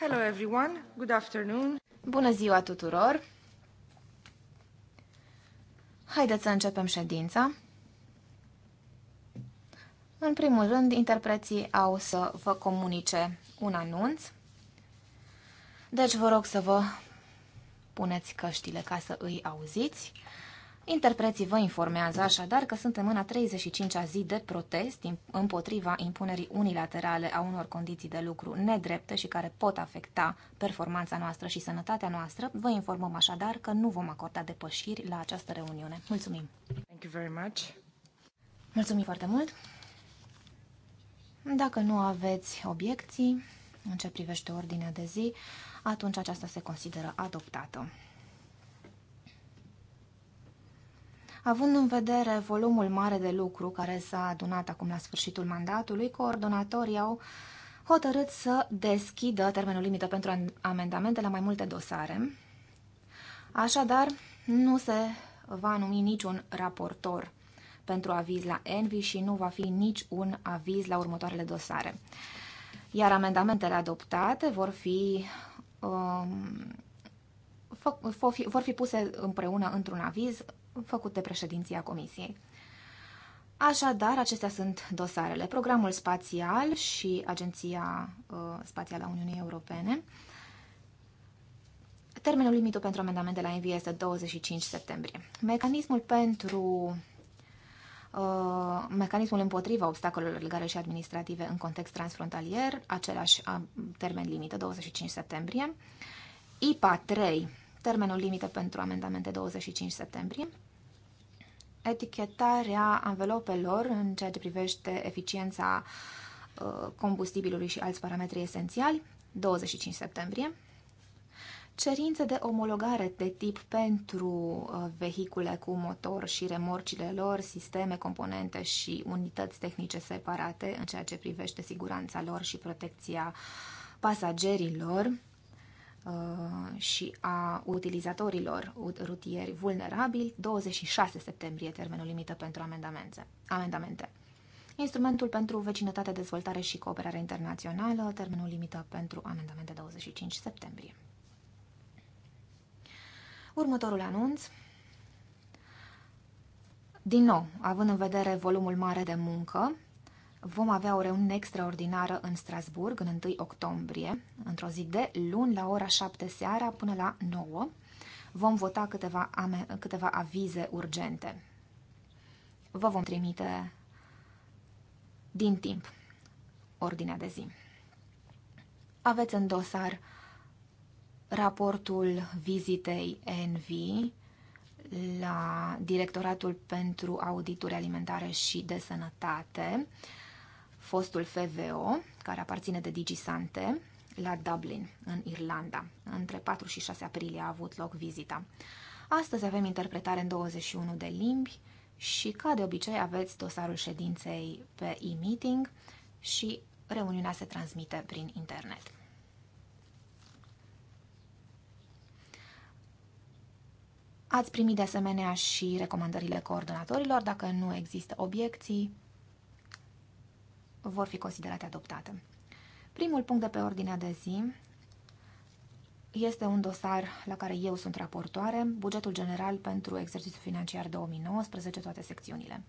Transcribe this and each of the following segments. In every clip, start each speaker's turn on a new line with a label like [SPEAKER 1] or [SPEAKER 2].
[SPEAKER 1] Hello everyone, good afternoon. Bună ziua tuturor. Haideți să începem ședința. În primul rând, interpreții au să vă comunice un anunț. Deci vă rog să vă puneți căștile ca să îi auziți. Interpreții vă informează așadar că suntem în a 35-a zi de protest împotriva impunerii unilaterale a unor condiții de lucru nedrepte și care pot afecta performanța noastră și sănătatea noastră. Vă informăm așadar că nu vom acorda depășiri la această reuniune. Mulțumim!
[SPEAKER 2] Thank you very much.
[SPEAKER 1] Mulțumim foarte mult! Dacă nu aveți obiecții în ce privește ordinea de zi, atunci aceasta se consideră adoptată. Având în vedere volumul mare de lucru care s-a adunat acum la sfârșitul mandatului, coordonatorii au hotărât să deschidă termenul limită pentru amendamente la mai multe dosare. Așadar, nu se va numi niciun raportor pentru aviz la Envi și nu va fi nici un aviz la următoarele dosare. Iar amendamentele adoptate vor fi, um, vor fi, vor fi puse împreună într-un aviz făcut de președinția Comisiei. Așadar, acestea sunt dosarele. Programul spațial și Agenția uh, Spațială a Uniunii Europene. Termenul limită pentru amendamente la NV este 25 septembrie. Mecanismul pentru uh, mecanismul împotriva obstacolelor legale și administrative în context transfrontalier, același uh, termen limită 25 septembrie. IPA 3, termenul limită pentru amendamente 25 septembrie etichetarea anvelopelor în ceea ce privește eficiența uh, combustibilului și alți parametri esențiali, 25 septembrie, cerințe de omologare de tip pentru uh, vehicule cu motor și remorcile lor, sisteme, componente și unități tehnice separate în ceea ce privește siguranța lor și protecția pasagerilor, Uh, și a utilizatorilor rutieri vulnerabili, 26 septembrie termenul limită pentru amendamente. amendamente. Instrumentul pentru vecinătate, dezvoltare și cooperare internațională, termenul limită pentru amendamente 25 septembrie. Următorul anunț. Din nou, având în vedere volumul mare de muncă, Vom avea o reuniune extraordinară în Strasburg în 1 octombrie, într-o zi de luni la ora 7 seara până la 9. Vom vota câteva, ame, câteva avize urgente. Vă vom trimite din timp ordinea de zi. Aveți în dosar raportul vizitei ENVI la Directoratul pentru Audituri Alimentare și de Sănătate fostul FVO, care aparține de DigiSante, la Dublin, în Irlanda. Între 4 și 6 aprilie a avut loc vizita. Astăzi avem interpretare în 21 de limbi și, ca de obicei, aveți dosarul ședinței pe e-meeting și reuniunea se transmite prin internet. Ați primit de asemenea și recomandările coordonatorilor. Dacă nu există obiecții, vor fi considerate adoptate. Primul punct de pe ordinea de zi este un dosar la care eu sunt raportoare, bugetul general pentru exercițiul financiar 2019, toate secțiunile.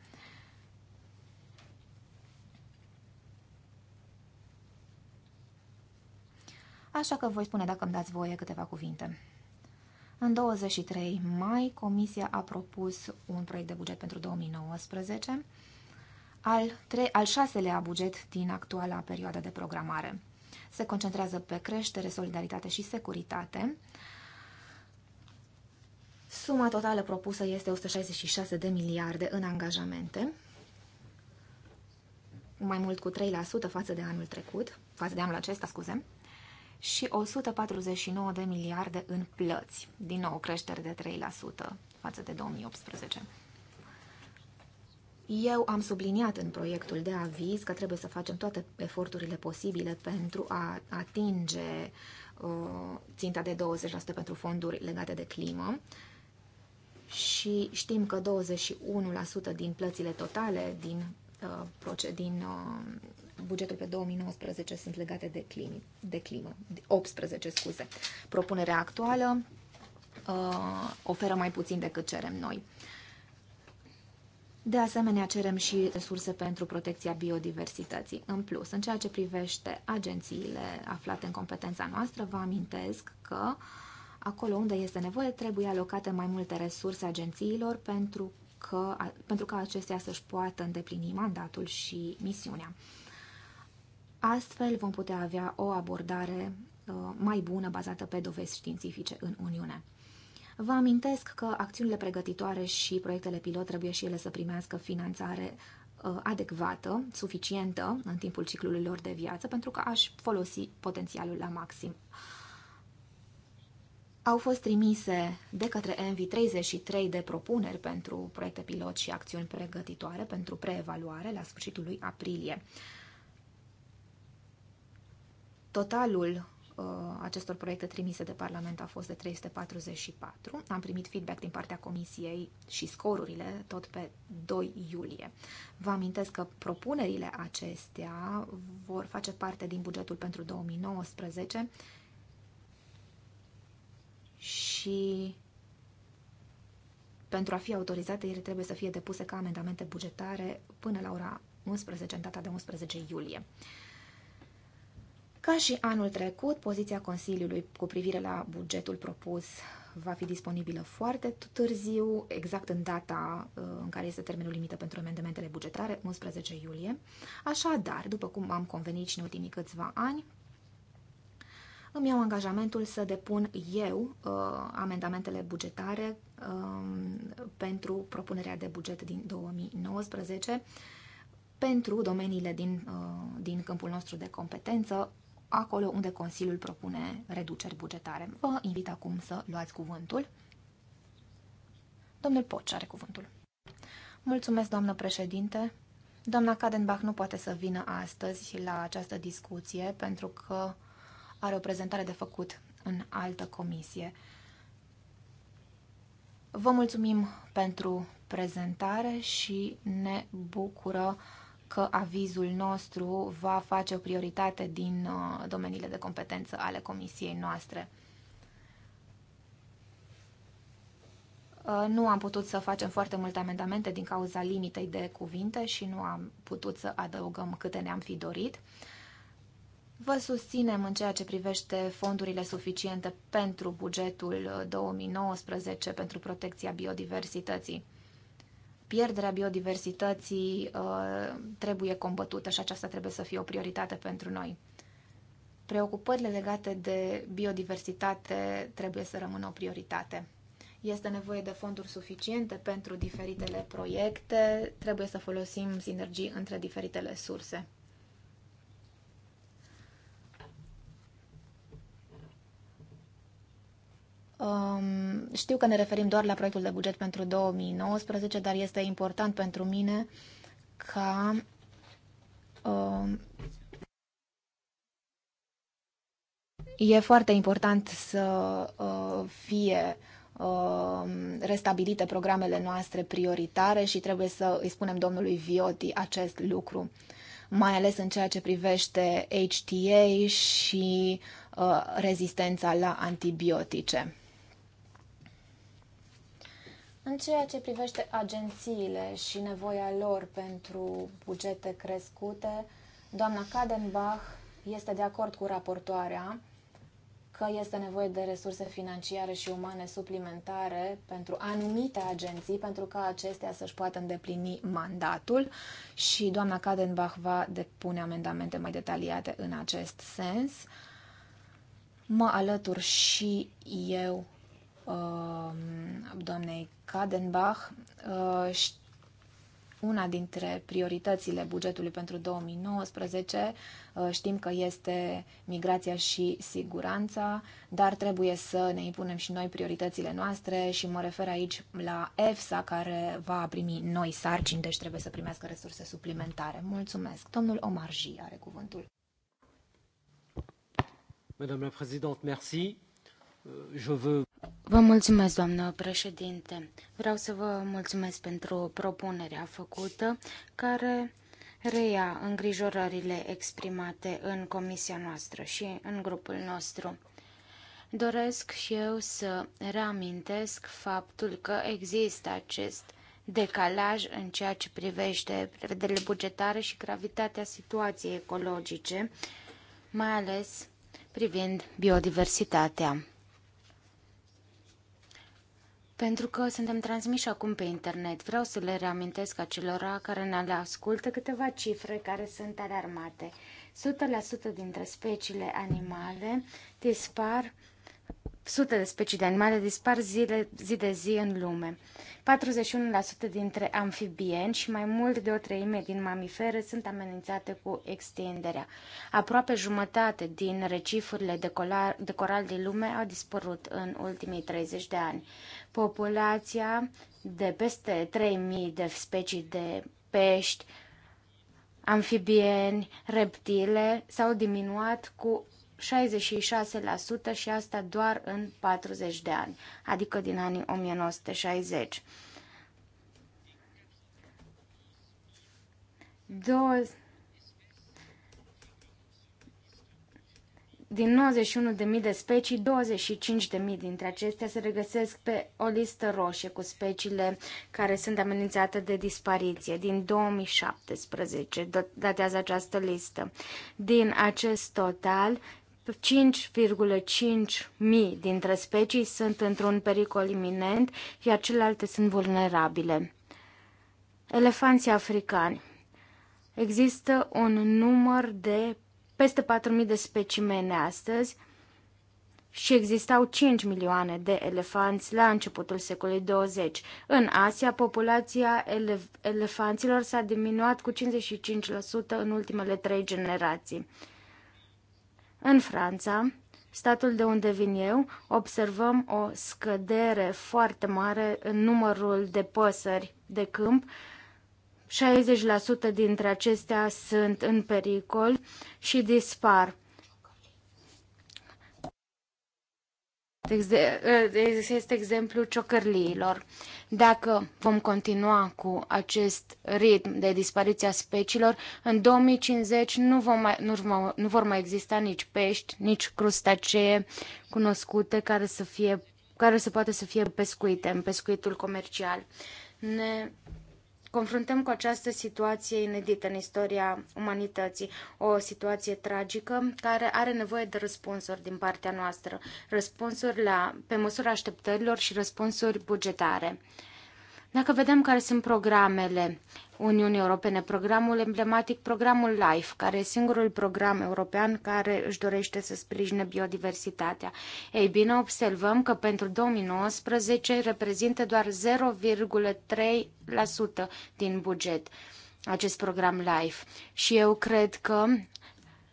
[SPEAKER 1] Așa că voi spune, dacă îmi dați voie, câteva cuvinte. În 23 mai, Comisia a propus un proiect de buget pentru 2019 al, tre- al șaselea buget din actuala perioadă de programare. Se concentrează pe creștere, solidaritate și securitate. Suma totală propusă este 166 de miliarde în angajamente, mai mult cu 3% față de anul trecut, față de anul acesta, scuze, și 149 de miliarde în plăți, din nou creștere de 3% față de 2018. Eu am subliniat în proiectul de aviz că trebuie să facem toate eforturile posibile pentru a atinge uh, ținta de 20% pentru fonduri legate de climă și știm că 21% din plățile totale din, uh, din uh, bugetul pe 2019 sunt legate de, climă, de climă, 18 scuze. Propunerea actuală oferă mai puțin decât cerem noi. De asemenea, cerem și resurse pentru protecția biodiversității. În plus, în ceea ce privește agențiile aflate în competența noastră, vă amintesc că acolo unde este nevoie trebuie alocate mai multe resurse agențiilor pentru, că, pentru ca acestea să-și poată îndeplini mandatul și misiunea. Astfel vom putea avea o abordare uh, mai bună bazată pe dovezi științifice în Uniune. Vă amintesc că acțiunile pregătitoare și proiectele pilot trebuie și ele să primească finanțare uh, adecvată, suficientă în timpul ciclului lor de viață, pentru că aș folosi potențialul la maxim. Au fost trimise de către Envi 33 de propuneri pentru proiecte pilot și acțiuni pregătitoare pentru preevaluare la sfârșitul lui aprilie. Totalul Uh, acestor proiecte trimise de Parlament a fost de 344. Am primit feedback din partea Comisiei și scorurile tot pe 2 iulie. Vă amintesc că propunerile acestea vor face parte din bugetul pentru 2019 și pentru a fi autorizate, ele trebuie să fie depuse ca amendamente bugetare până la ora 11, în data de 11 iulie. Ca și anul trecut, poziția Consiliului cu privire la bugetul propus va fi disponibilă foarte târziu, exact în data uh, în care este termenul limită pentru amendamentele bugetare, 11 iulie. Așadar, după cum am convenit și în ultimii câțiva ani, îmi iau angajamentul să depun eu uh, amendamentele bugetare uh, pentru propunerea de buget din 2019 pentru domeniile din, uh, din câmpul nostru de competență, acolo unde Consiliul propune reduceri bugetare. Vă invit acum să luați cuvântul. Domnul Poci are cuvântul. Mulțumesc, doamnă președinte. Doamna Cadenbach nu poate să vină astăzi la această discuție pentru că are o prezentare de făcut în altă comisie. Vă mulțumim pentru prezentare și ne bucură uh, că avizul nostru va face o prioritate din uh, domeniile de competență ale comisiei noastre. Uh, nu am putut să facem foarte multe amendamente din cauza limitei de cuvinte și nu am putut să adăugăm câte ne-am fi dorit. Vă susținem în ceea ce privește fondurile suficiente pentru bugetul 2019 uh, pentru protecția biodiversității pierderea biodiversității uh, trebuie combătută și aceasta trebuie să fie o prioritate pentru noi. Preocupările legate de biodiversitate trebuie să rămână o prioritate. Este nevoie de fonduri suficiente pentru diferitele proiecte, trebuie să folosim sinergii între diferitele surse. Um, știu că ne referim doar la proiectul de buget pentru 2019, dar este important pentru mine ca um, e foarte important să uh, fie uh, restabilite programele noastre prioritare și trebuie să îi spunem domnului Vioti acest lucru, mai ales în ceea ce privește HTA și uh, rezistența la antibiotice. În ceea ce privește agențiile și nevoia lor pentru bugete crescute, doamna Kadenbach este de acord cu raportoarea că este nevoie de resurse financiare și umane suplimentare pentru anumite agenții, pentru ca acestea să-și poată îndeplini mandatul și doamna Kadenbach va depune amendamente mai detaliate în acest sens. Mă alătur și eu Um, doamnei Kadenbach, uh, una dintre prioritățile bugetului pentru 2019 uh, știm că este migrația și siguranța, dar trebuie să ne impunem și noi prioritățile noastre și mă refer aici la EFSA care va primi noi sarcini, deci trebuie să primească resurse suplimentare. Mulțumesc. Domnul Omarji are cuvântul.
[SPEAKER 2] Madame la Présidente, merci. Vă mulțumesc, doamnă președinte. Vreau să vă mulțumesc pentru propunerea făcută, care reia îngrijorările exprimate în comisia noastră și în grupul nostru. Doresc și eu să reamintesc faptul că există acest decalaj în ceea ce privește prevederile bugetare și gravitatea situației ecologice, mai ales privind biodiversitatea pentru că suntem transmiși acum pe internet. Vreau să le reamintesc acelora care ne ascultă câteva cifre care sunt alarmate. 100% dintre speciile animale dispar sute de specii de animale dispar zile, zi de zi în lume. 41% dintre amfibieni și mai mult de o treime din mamifere sunt amenințate cu extinderea. Aproape jumătate din recifurile de, colar, de coral din lume au dispărut în ultimii 30 de ani. Populația de peste 3000 de specii de pești, amfibieni, reptile s-au diminuat cu 66% și asta doar în 40 de ani, adică din anii 1960. Două Din 91.000 de specii, 25.000 dintre acestea se regăsesc pe o listă roșie cu speciile care sunt amenințate de dispariție. Din 2017 datează această listă. Din acest total, 5,5 mii dintre specii sunt într-un pericol iminent, iar celelalte sunt vulnerabile. Elefanții africani. Există un număr de peste 4.000 de specimene astăzi și existau 5 milioane de elefanți la începutul secolului 20. În Asia, populația elef- elefanților s-a diminuat cu 55% în ultimele trei generații. În Franța, statul de unde vin eu, observăm o scădere foarte mare în numărul de păsări de câmp, uh, 60% dintre acestea sunt în pericol și dispar. Este exemplul ciocărliilor. Dacă vom continua cu acest ritm de a speciilor, în 2050 nu, vom mai, nu, nu vor mai exista nici pești, nici crustacee cunoscute care să, fie, care să poată să fie pescuite în pescuitul comercial. Ne confruntăm cu această situație inedită în istoria umanității, o situație tragică care are nevoie de răspunsuri din partea noastră, răspunsuri la, pe măsura așteptărilor și răspunsuri bugetare. Dacă vedem care sunt programele Uniunii Europene, programul emblematic, programul LIFE, care e singurul program european care își dorește să sprijine biodiversitatea. Ei bine, observăm că pentru 2019 reprezintă doar 0,3% din buget acest program LIFE. Și eu cred că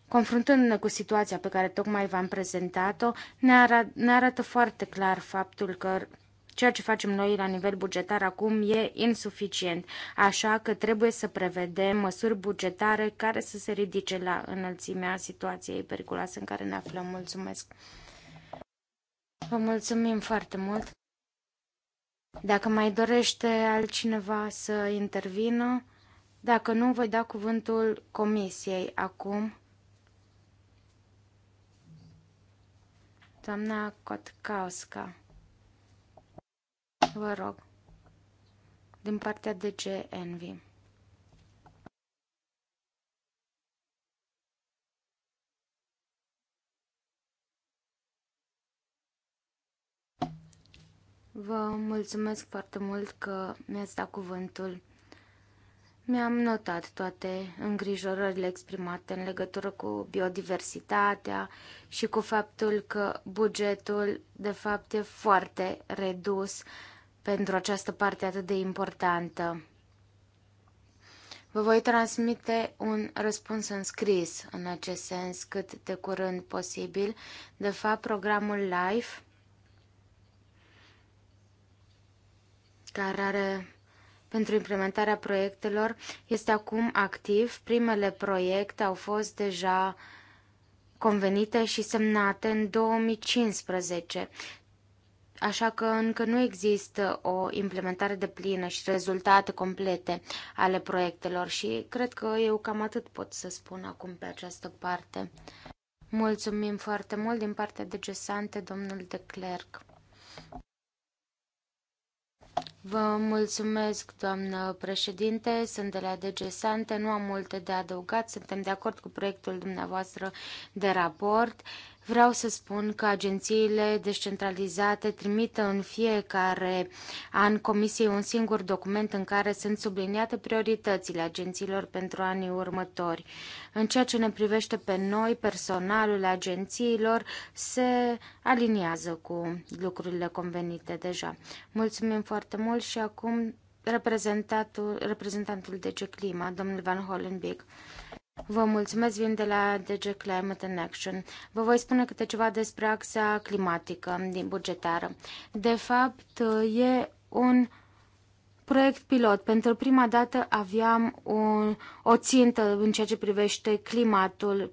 [SPEAKER 2] confruntându-ne cu situația pe care tocmai v-am prezentat-o, ne, arat, ne arată foarte clar faptul că Ceea ce facem noi la nivel bugetar acum e insuficient, așa că trebuie să prevedem măsuri bugetare care să se ridice la înălțimea situației periculoase în care ne aflăm. Mulțumesc! Vă mulțumim foarte mult! Dacă mai dorește altcineva să intervină, dacă nu, voi da cuvântul comisiei acum. Doamna Kotkauska. Vă rog. Din partea de ce Envy. Vă mulțumesc foarte mult că mi-ați dat cuvântul. Mi-am notat toate îngrijorările exprimate în legătură cu biodiversitatea și cu faptul că bugetul, de fapt, e foarte redus pentru această parte atât de importantă. Vă voi transmite un răspuns în scris în acest sens cât de curând posibil. De fapt, programul LIFE, care are pentru implementarea proiectelor, este acum activ. Primele proiecte au fost deja convenite și semnate în 2015 Așa că încă nu există o implementare de plină și rezultate complete ale proiectelor și cred că eu cam atât pot să spun acum pe această parte. Mulțumim foarte mult din partea de gesante, domnul de Clerc. Vă mulțumesc, doamnă președinte. Sunt de la DG Sante. Nu am multe de adăugat. Suntem de acord cu proiectul dumneavoastră de raport. Vreau să spun că agențiile descentralizate trimită în fiecare an Comisiei un singur document în care sunt subliniate prioritățile agențiilor pentru anii următori. În ceea ce ne privește pe noi, personalul agențiilor se aliniază cu lucrurile convenite deja. Mulțumim foarte mult! mult și acum reprezentantul reprezentantul DG Clima, domnul Van Hollenbeek. Vă mulțumesc, vin de la DG Climate and Action. Vă voi spune câte ceva despre axa climatică din bugetară. De fapt, e un proiect pilot. Pentru prima dată aveam un, o țintă în ceea ce privește climatul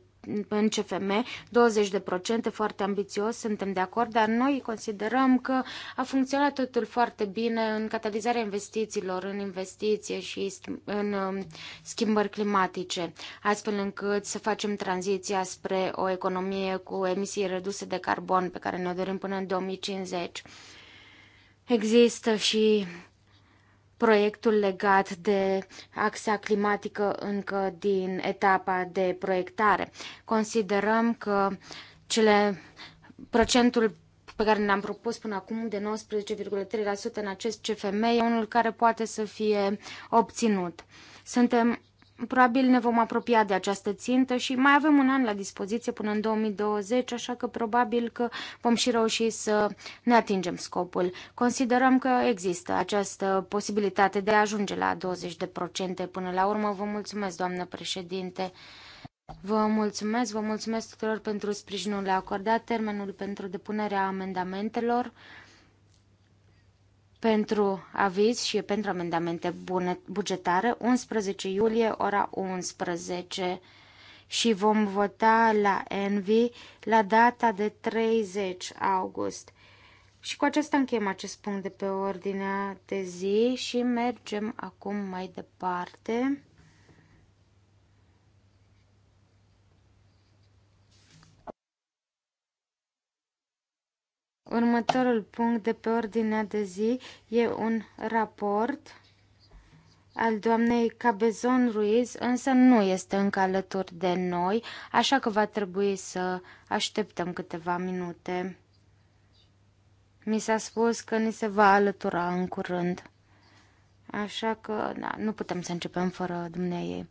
[SPEAKER 2] în CFM, 20% foarte ambițios, suntem de acord, dar noi considerăm că a funcționat totul foarte bine în catalizarea investițiilor, în investiție și în um, schimbări climatice, astfel încât să facem tranziția spre o economie cu emisii reduse de carbon pe care ne-o dorim până în 2050. Există și proiectul legat de axa climatică încă din etapa de proiectare. Considerăm că cele procentul pe care ne-am propus până acum de 19,3% în acest CFM e unul care poate să fie obținut. Suntem Probabil ne vom apropia de această țintă și mai avem un an la dispoziție până în 2020, așa că probabil că vom și reuși să ne atingem scopul. Considerăm că există această posibilitate de a ajunge la 20% până la urmă. Vă mulțumesc, doamnă președinte. Vă mulțumesc, vă mulțumesc tuturor pentru sprijinul acordat, termenul pentru depunerea amendamentelor pentru aviz și pentru amendamente bugetare, 11 iulie, ora 11 și vom vota la Envi la data de 30 august. Și cu acesta încheiem acest punct de pe ordinea de zi și mergem acum mai departe. Următorul punct de pe ordinea de zi e un raport al doamnei Cabezon Ruiz, însă nu este încă alături de noi, așa că va trebui să așteptăm câteva minute. Mi s-a spus că ni se va alătura în curând, așa că da, nu putem să începem fără dumneai ei.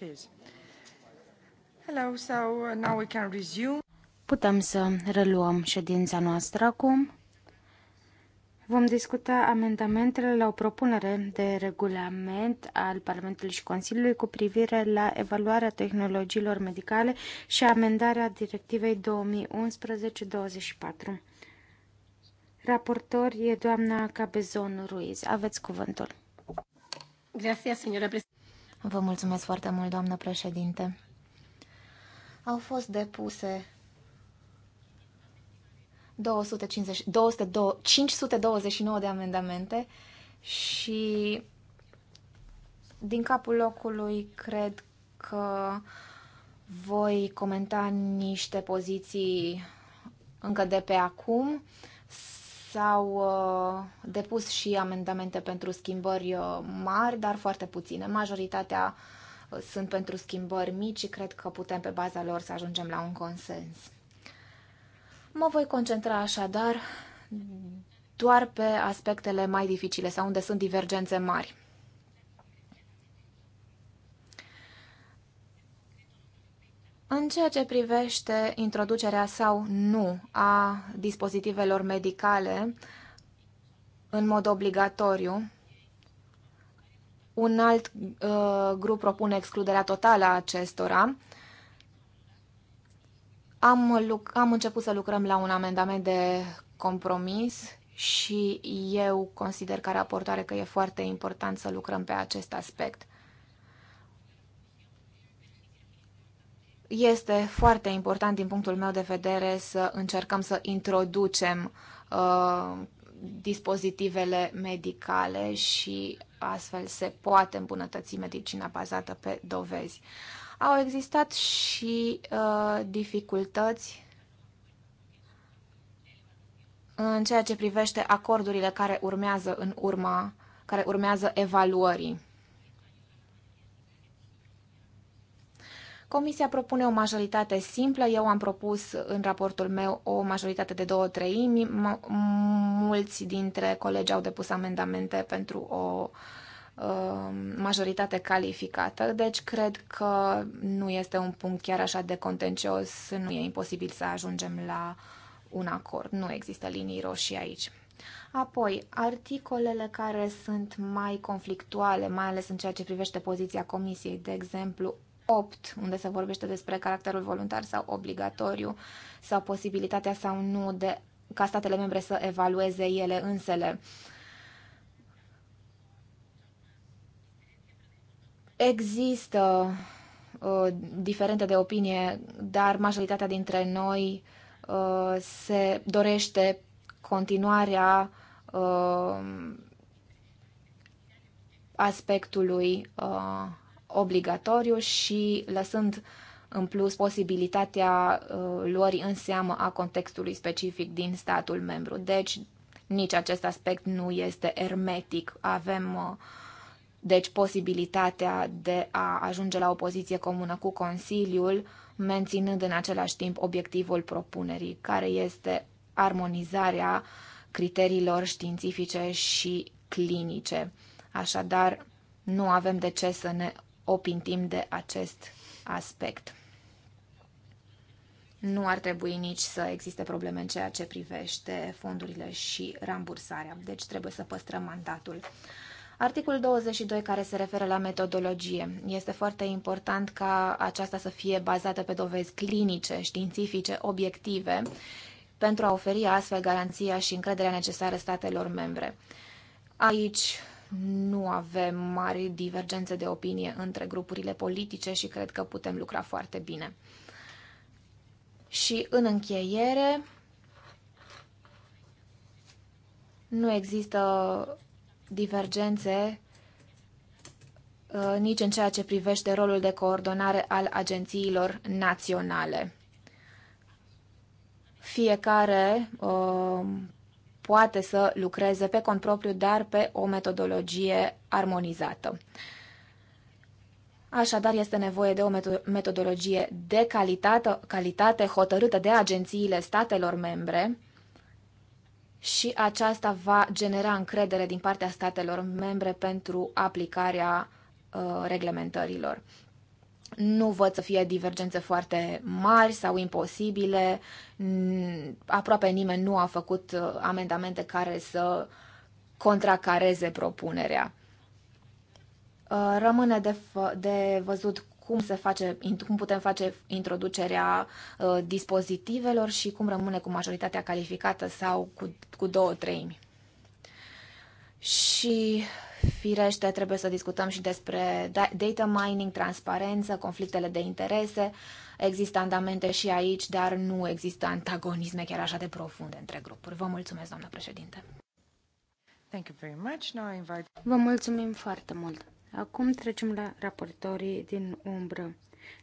[SPEAKER 2] Uh, Putem să reluăm ședința noastră acum. Vom discuta amendamentele la o propunere de regulament al Parlamentului și Consiliului cu privire la evaluarea tehnologiilor medicale și amendarea Directivei 2011-24. Raportor e doamna Cabezon Ruiz. Aveți cuvântul. Gracias, Vă mulțumesc foarte mult, doamnă președinte.
[SPEAKER 1] Au fost depuse 250, 200, 529 de amendamente și din capul locului cred că voi comenta niște poziții încă de pe acum S-au uh, depus și amendamente pentru schimbări uh, mari, dar foarte puține. Majoritatea uh, sunt pentru schimbări mici și cred că putem pe baza lor să ajungem la un consens. Mă voi concentra așadar doar pe aspectele mai dificile sau unde sunt divergențe mari. În ceea ce privește introducerea sau nu a dispozitivelor medicale în mod obligatoriu, un alt uh, grup propune excluderea totală a acestora. Am, am început să lucrăm la un amendament de compromis și eu consider ca raportoare că e foarte important să lucrăm pe acest aspect. este foarte important din punctul meu de vedere să încercăm să introducem uh, dispozitivele medicale și astfel se poate îmbunătăți medicina bazată pe dovezi. Au existat și uh, dificultăți în ceea ce privește acordurile care urmează în urma, care urmează evaluării. Comisia propune o majoritate simplă, eu am propus în raportul meu o majoritate de două treimi, mulți dintre colegi au depus amendamente pentru o um, majoritate calificată, deci cred că nu este un punct chiar așa de contencios, nu e imposibil să ajungem la un acord, nu există linii roșii aici. Apoi, articolele care sunt mai conflictuale, mai ales în ceea ce privește poziția Comisiei, de exemplu, 8, unde se vorbește despre caracterul voluntar sau obligatoriu sau posibilitatea sau nu de ca statele membre să evalueze ele însele. Există uh, diferente de opinie, dar majoritatea dintre noi uh, se dorește continuarea uh, aspectului uh, obligatoriu și lăsând în plus posibilitatea uh, luării în seamă a contextului specific din statul membru. Deci, nici acest aspect nu este ermetic. Avem uh, deci posibilitatea de a ajunge la o poziție comună cu Consiliul, menținând în același timp obiectivul propunerii, care este armonizarea criteriilor științifice și clinice. Așadar, nu avem de ce să ne opintim de acest aspect. Nu ar trebui nici să existe probleme în ceea ce privește fondurile și rambursarea, deci trebuie să păstrăm mandatul. Articolul 22 care se referă la metodologie. Este foarte important ca aceasta să fie bazată pe dovezi clinice, științifice, obiective, pentru a oferi astfel garanția și încrederea necesară statelor membre. Aici nu avem mari divergențe de opinie între grupurile politice și cred că putem lucra foarte bine. Și în încheiere, nu există divergențe uh, nici în ceea ce privește rolul de coordonare al agențiilor naționale. Fiecare uh, poate să lucreze pe cont propriu, dar pe o metodologie armonizată. Așadar, este nevoie de o metodologie de calitate, calitate hotărâtă de agențiile statelor membre și aceasta va genera încredere din partea statelor membre pentru aplicarea uh, reglementărilor. Nu văd să fie divergențe foarte mari sau imposibile. Aproape nimeni nu a făcut uh, amendamente care să contracareze propunerea. Uh, rămâne de, de văzut cum, se face, cum putem face introducerea uh, dispozitivelor și cum rămâne cu majoritatea calificată sau cu, cu două treimi. Și Firește, trebuie să discutăm și despre da, data mining, transparență, conflictele de interese. Există andamente și aici, dar nu există antagonisme chiar așa de profunde între grupuri. Vă mulțumesc, doamnă președinte.
[SPEAKER 3] Thank you very
[SPEAKER 2] much. Now I invite... Vă mulțumim foarte mult. Acum trecem la raportorii din umbră.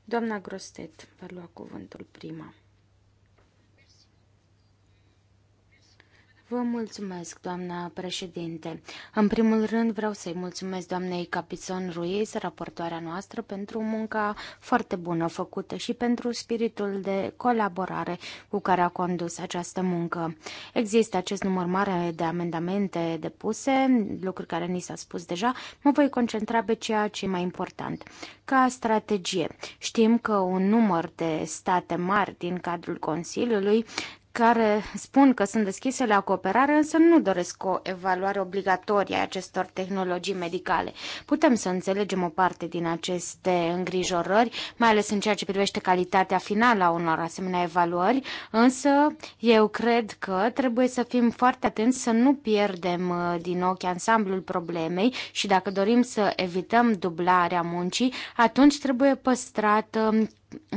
[SPEAKER 2] Doamna Grostet va lua cuvântul prima. Vă mulțumesc, doamna președinte. În primul rând vreau să-i mulțumesc doamnei Capizon Ruiz, raportoarea noastră, pentru munca foarte bună făcută și pentru spiritul de colaborare cu care a condus această muncă. Există acest număr mare de amendamente depuse, lucruri care ni s-a spus deja. Mă voi concentra pe ceea ce e mai important. Ca strategie, știm că un număr de state mari din cadrul Consiliului care spun că sunt deschise la cooperare, însă nu doresc o evaluare obligatorie a acestor tehnologii medicale. Putem să înțelegem o parte din aceste îngrijorări, mai ales în ceea ce privește calitatea finală a unor asemenea evaluări, însă eu cred că trebuie să fim foarte atenți să nu pierdem uh, din ochi ansamblul problemei și dacă dorim să evităm dublarea muncii, atunci trebuie păstrată um,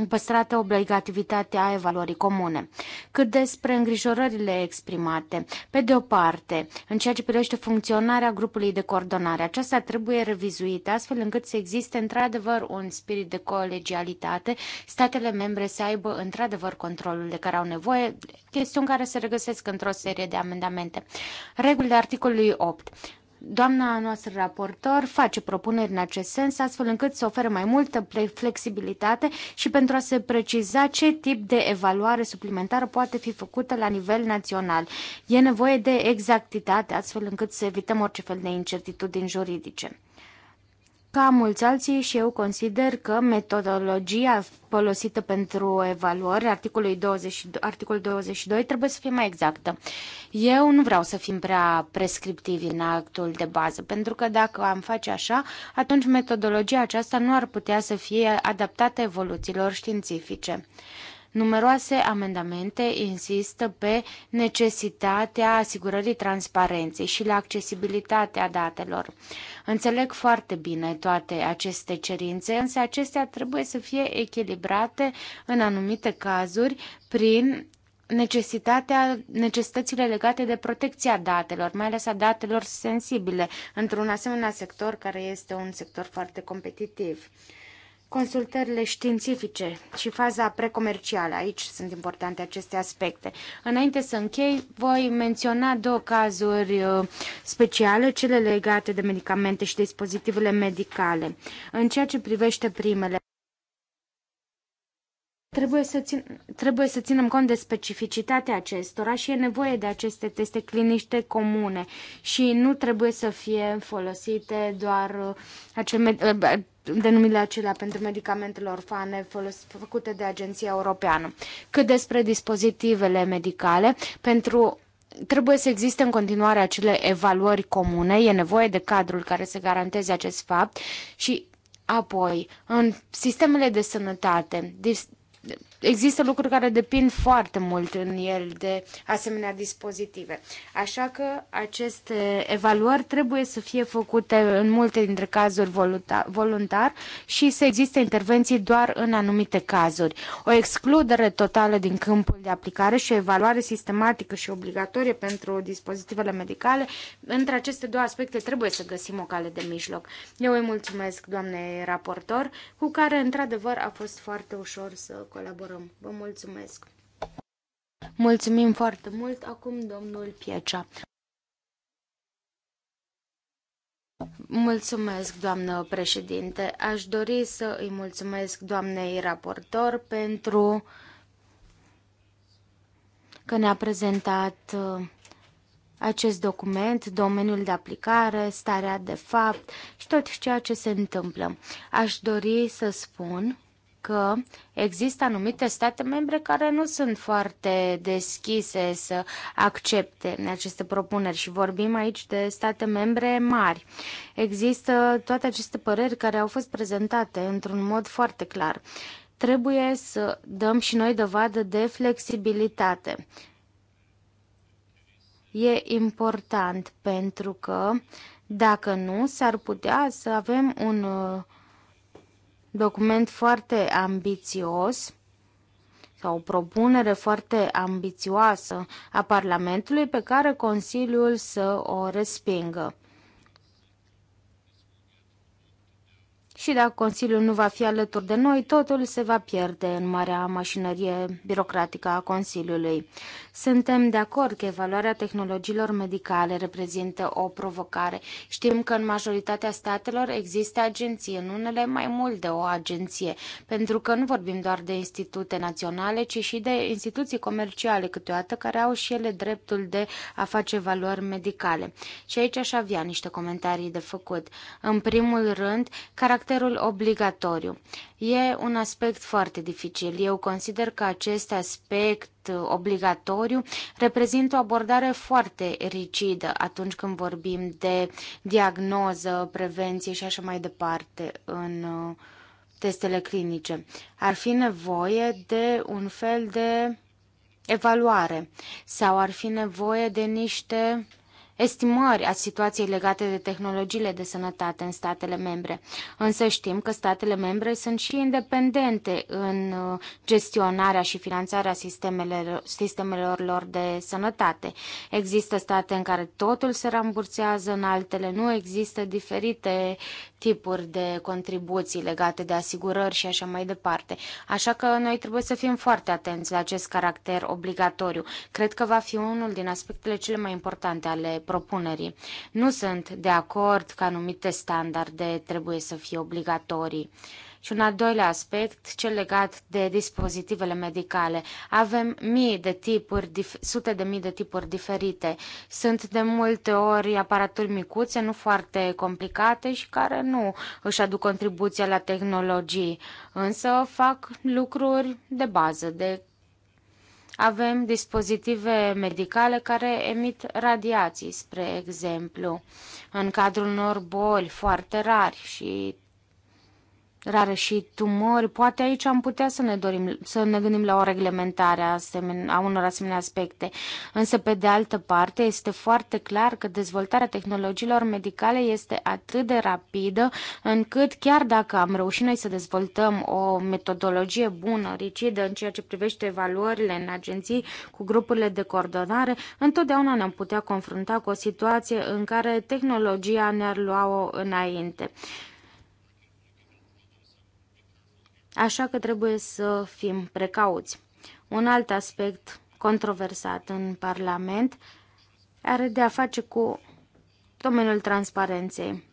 [SPEAKER 2] păstrată obligativitatea evaluării comune. Cât despre îngrijorările exprimate, pe de o parte, în ceea ce privește funcționarea grupului de coordonare, aceasta trebuie revizuită astfel încât să existe într-adevăr un spirit de colegialitate, statele membre să aibă într-adevăr controlul de care au nevoie, chestiuni care se regăsesc într-o serie de amendamente. Regulile articolului 8. Doamna noastră raportor face propuneri în acest sens, astfel încât să ofere mai multă flexibilitate și pentru a se preciza ce tip de evaluare suplimentară poate fi făcută la nivel național. E nevoie de exactitate, astfel încât să evităm orice fel de incertitudini juridice. Ca mulți alții și eu consider că metodologia folosită pentru evaluări, articolul 22, articolul 22, trebuie să fie mai exactă. Eu nu vreau să fim prea prescriptivi în actul de bază, pentru că dacă am face așa, atunci metodologia aceasta nu ar putea să fie adaptată evoluțiilor științifice. Numeroase amendamente insistă pe necesitatea asigurării transparenței și la accesibilitatea datelor. Înțeleg foarte bine toate aceste cerințe, însă acestea trebuie să fie echilibrate în anumite cazuri prin necesitatea, necesitățile legate de protecția datelor, mai ales a datelor sensibile, într-un asemenea sector care este un sector foarte competitiv. Consultările științifice și faza precomercială, aici sunt importante aceste aspecte. Înainte să închei, voi menționa două cazuri uh, speciale, cele legate de medicamente și dispozitivele medicale. În ceea ce privește primele, Trebuie să, țin, trebuie să ținem cont de specificitatea acestora și e nevoie de aceste teste clinice comune și nu trebuie să fie folosite doar uh, acele, denumirile acelea pentru medicamentele orfane făcute de Agenția Europeană. Cât despre dispozitivele medicale, pentru trebuie să existe în continuare acele evaluări comune, e nevoie de cadrul care să garanteze acest fapt și apoi în sistemele de sănătate, există lucruri care depind foarte mult în el de asemenea dispozitive. Așa că aceste evaluări trebuie să fie făcute în multe dintre cazuri voluntar și să existe intervenții doar în anumite cazuri. O excludere totală din câmpul de aplicare și o evaluare sistematică și obligatorie pentru dispozitivele medicale, între aceste două aspecte trebuie să găsim o cale de mijloc. Eu îi mulțumesc doamnei raportor, cu care într-adevăr a fost foarte ușor să colaborăm elaborăm. Vă mulțumesc! Mulțumim foarte mult! Acum domnul Piecea. Mulțumesc, doamnă președinte. Aș dori să îi mulțumesc doamnei raportor pentru că ne-a prezentat uh, acest document, domeniul de aplicare, starea de fapt și tot ceea ce se întâmplă. Aș dori să spun că există anumite state membre care nu sunt foarte deschise să accepte aceste propuneri și vorbim aici de state membre mari. Există toate aceste păreri care au fost prezentate într-un mod foarte clar. Trebuie să dăm și noi dovadă de flexibilitate. E important pentru că dacă nu, s-ar putea să avem un uh, document foarte ambițios sau o propunere foarte ambițioasă a Parlamentului pe care Consiliul să o respingă. și dacă Consiliul nu va fi alături de noi, totul se va pierde în marea mașinărie birocratică a Consiliului. Suntem de acord că evaluarea tehnologiilor medicale reprezintă o provocare. Știm că în majoritatea statelor există agenții, în unele mai mult de o agenție, pentru că nu vorbim doar de institute naționale, ci și de instituții comerciale câteodată care au și ele dreptul de a face valori medicale. Și aici aș avea niște comentarii de făcut. În primul rând, caracter caracterul obligatoriu. E un aspect foarte dificil. Eu consider că acest aspect obligatoriu reprezintă o abordare foarte rigidă atunci când vorbim de diagnoză, prevenție și așa mai departe în uh, testele clinice. Ar fi nevoie de un fel de evaluare sau ar fi nevoie de niște estimări a situației legate de tehnologiile de sănătate în statele membre. Însă știm că statele membre sunt și independente în uh, gestionarea și finanțarea sistemelor, sistemelor lor de sănătate. Există state în care totul se rambursează, în altele nu există diferite tipuri de contribuții legate de asigurări și așa mai departe. Așa că noi trebuie să fim foarte atenți la acest caracter obligatoriu. Cred că va fi unul din aspectele cele mai importante ale propunerii. Nu sunt de acord că anumite standarde trebuie să fie obligatorii. Și un al doilea aspect, cel legat de dispozitivele medicale. Avem mii de tipuri, sute de mii de tipuri diferite. Sunt de multe ori aparaturi micuțe, nu foarte complicate și care nu își aduc contribuția la tehnologii, însă fac lucruri de bază, de avem dispozitive medicale care emit radiații, spre exemplu, în cadrul unor boli foarte rari și rare și tumori, poate aici am putea să ne, dorim, să ne gândim la o reglementare a, asemen, a unor asemenea aspecte. Însă, pe de altă parte, este foarte clar că dezvoltarea tehnologiilor medicale este atât de rapidă încât chiar dacă am reușit noi să dezvoltăm o metodologie bună, rigidă, în ceea ce privește evaluările în agenții cu grupurile de coordonare, întotdeauna ne-am putea confrunta cu o situație în care tehnologia ne-ar lua-o înainte. Așa că trebuie să fim precauți. Un alt aspect controversat în Parlament are de a face cu domeniul transparenței.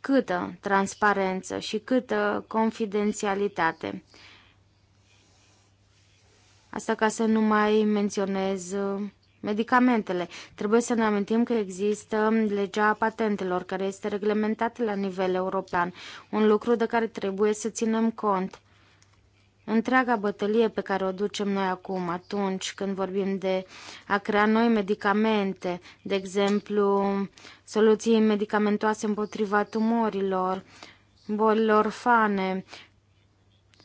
[SPEAKER 2] Câtă transparență și câtă confidențialitate. Asta ca să nu mai menționez uh, medicamentele. Trebuie să ne amintim că există legea patentelor care este reglementată la nivel european, un lucru de care trebuie să ținem cont. Întreaga bătălie pe care o ducem noi acum, atunci când vorbim de a crea noi medicamente, de exemplu, soluții medicamentoase împotriva tumorilor, bolilor fane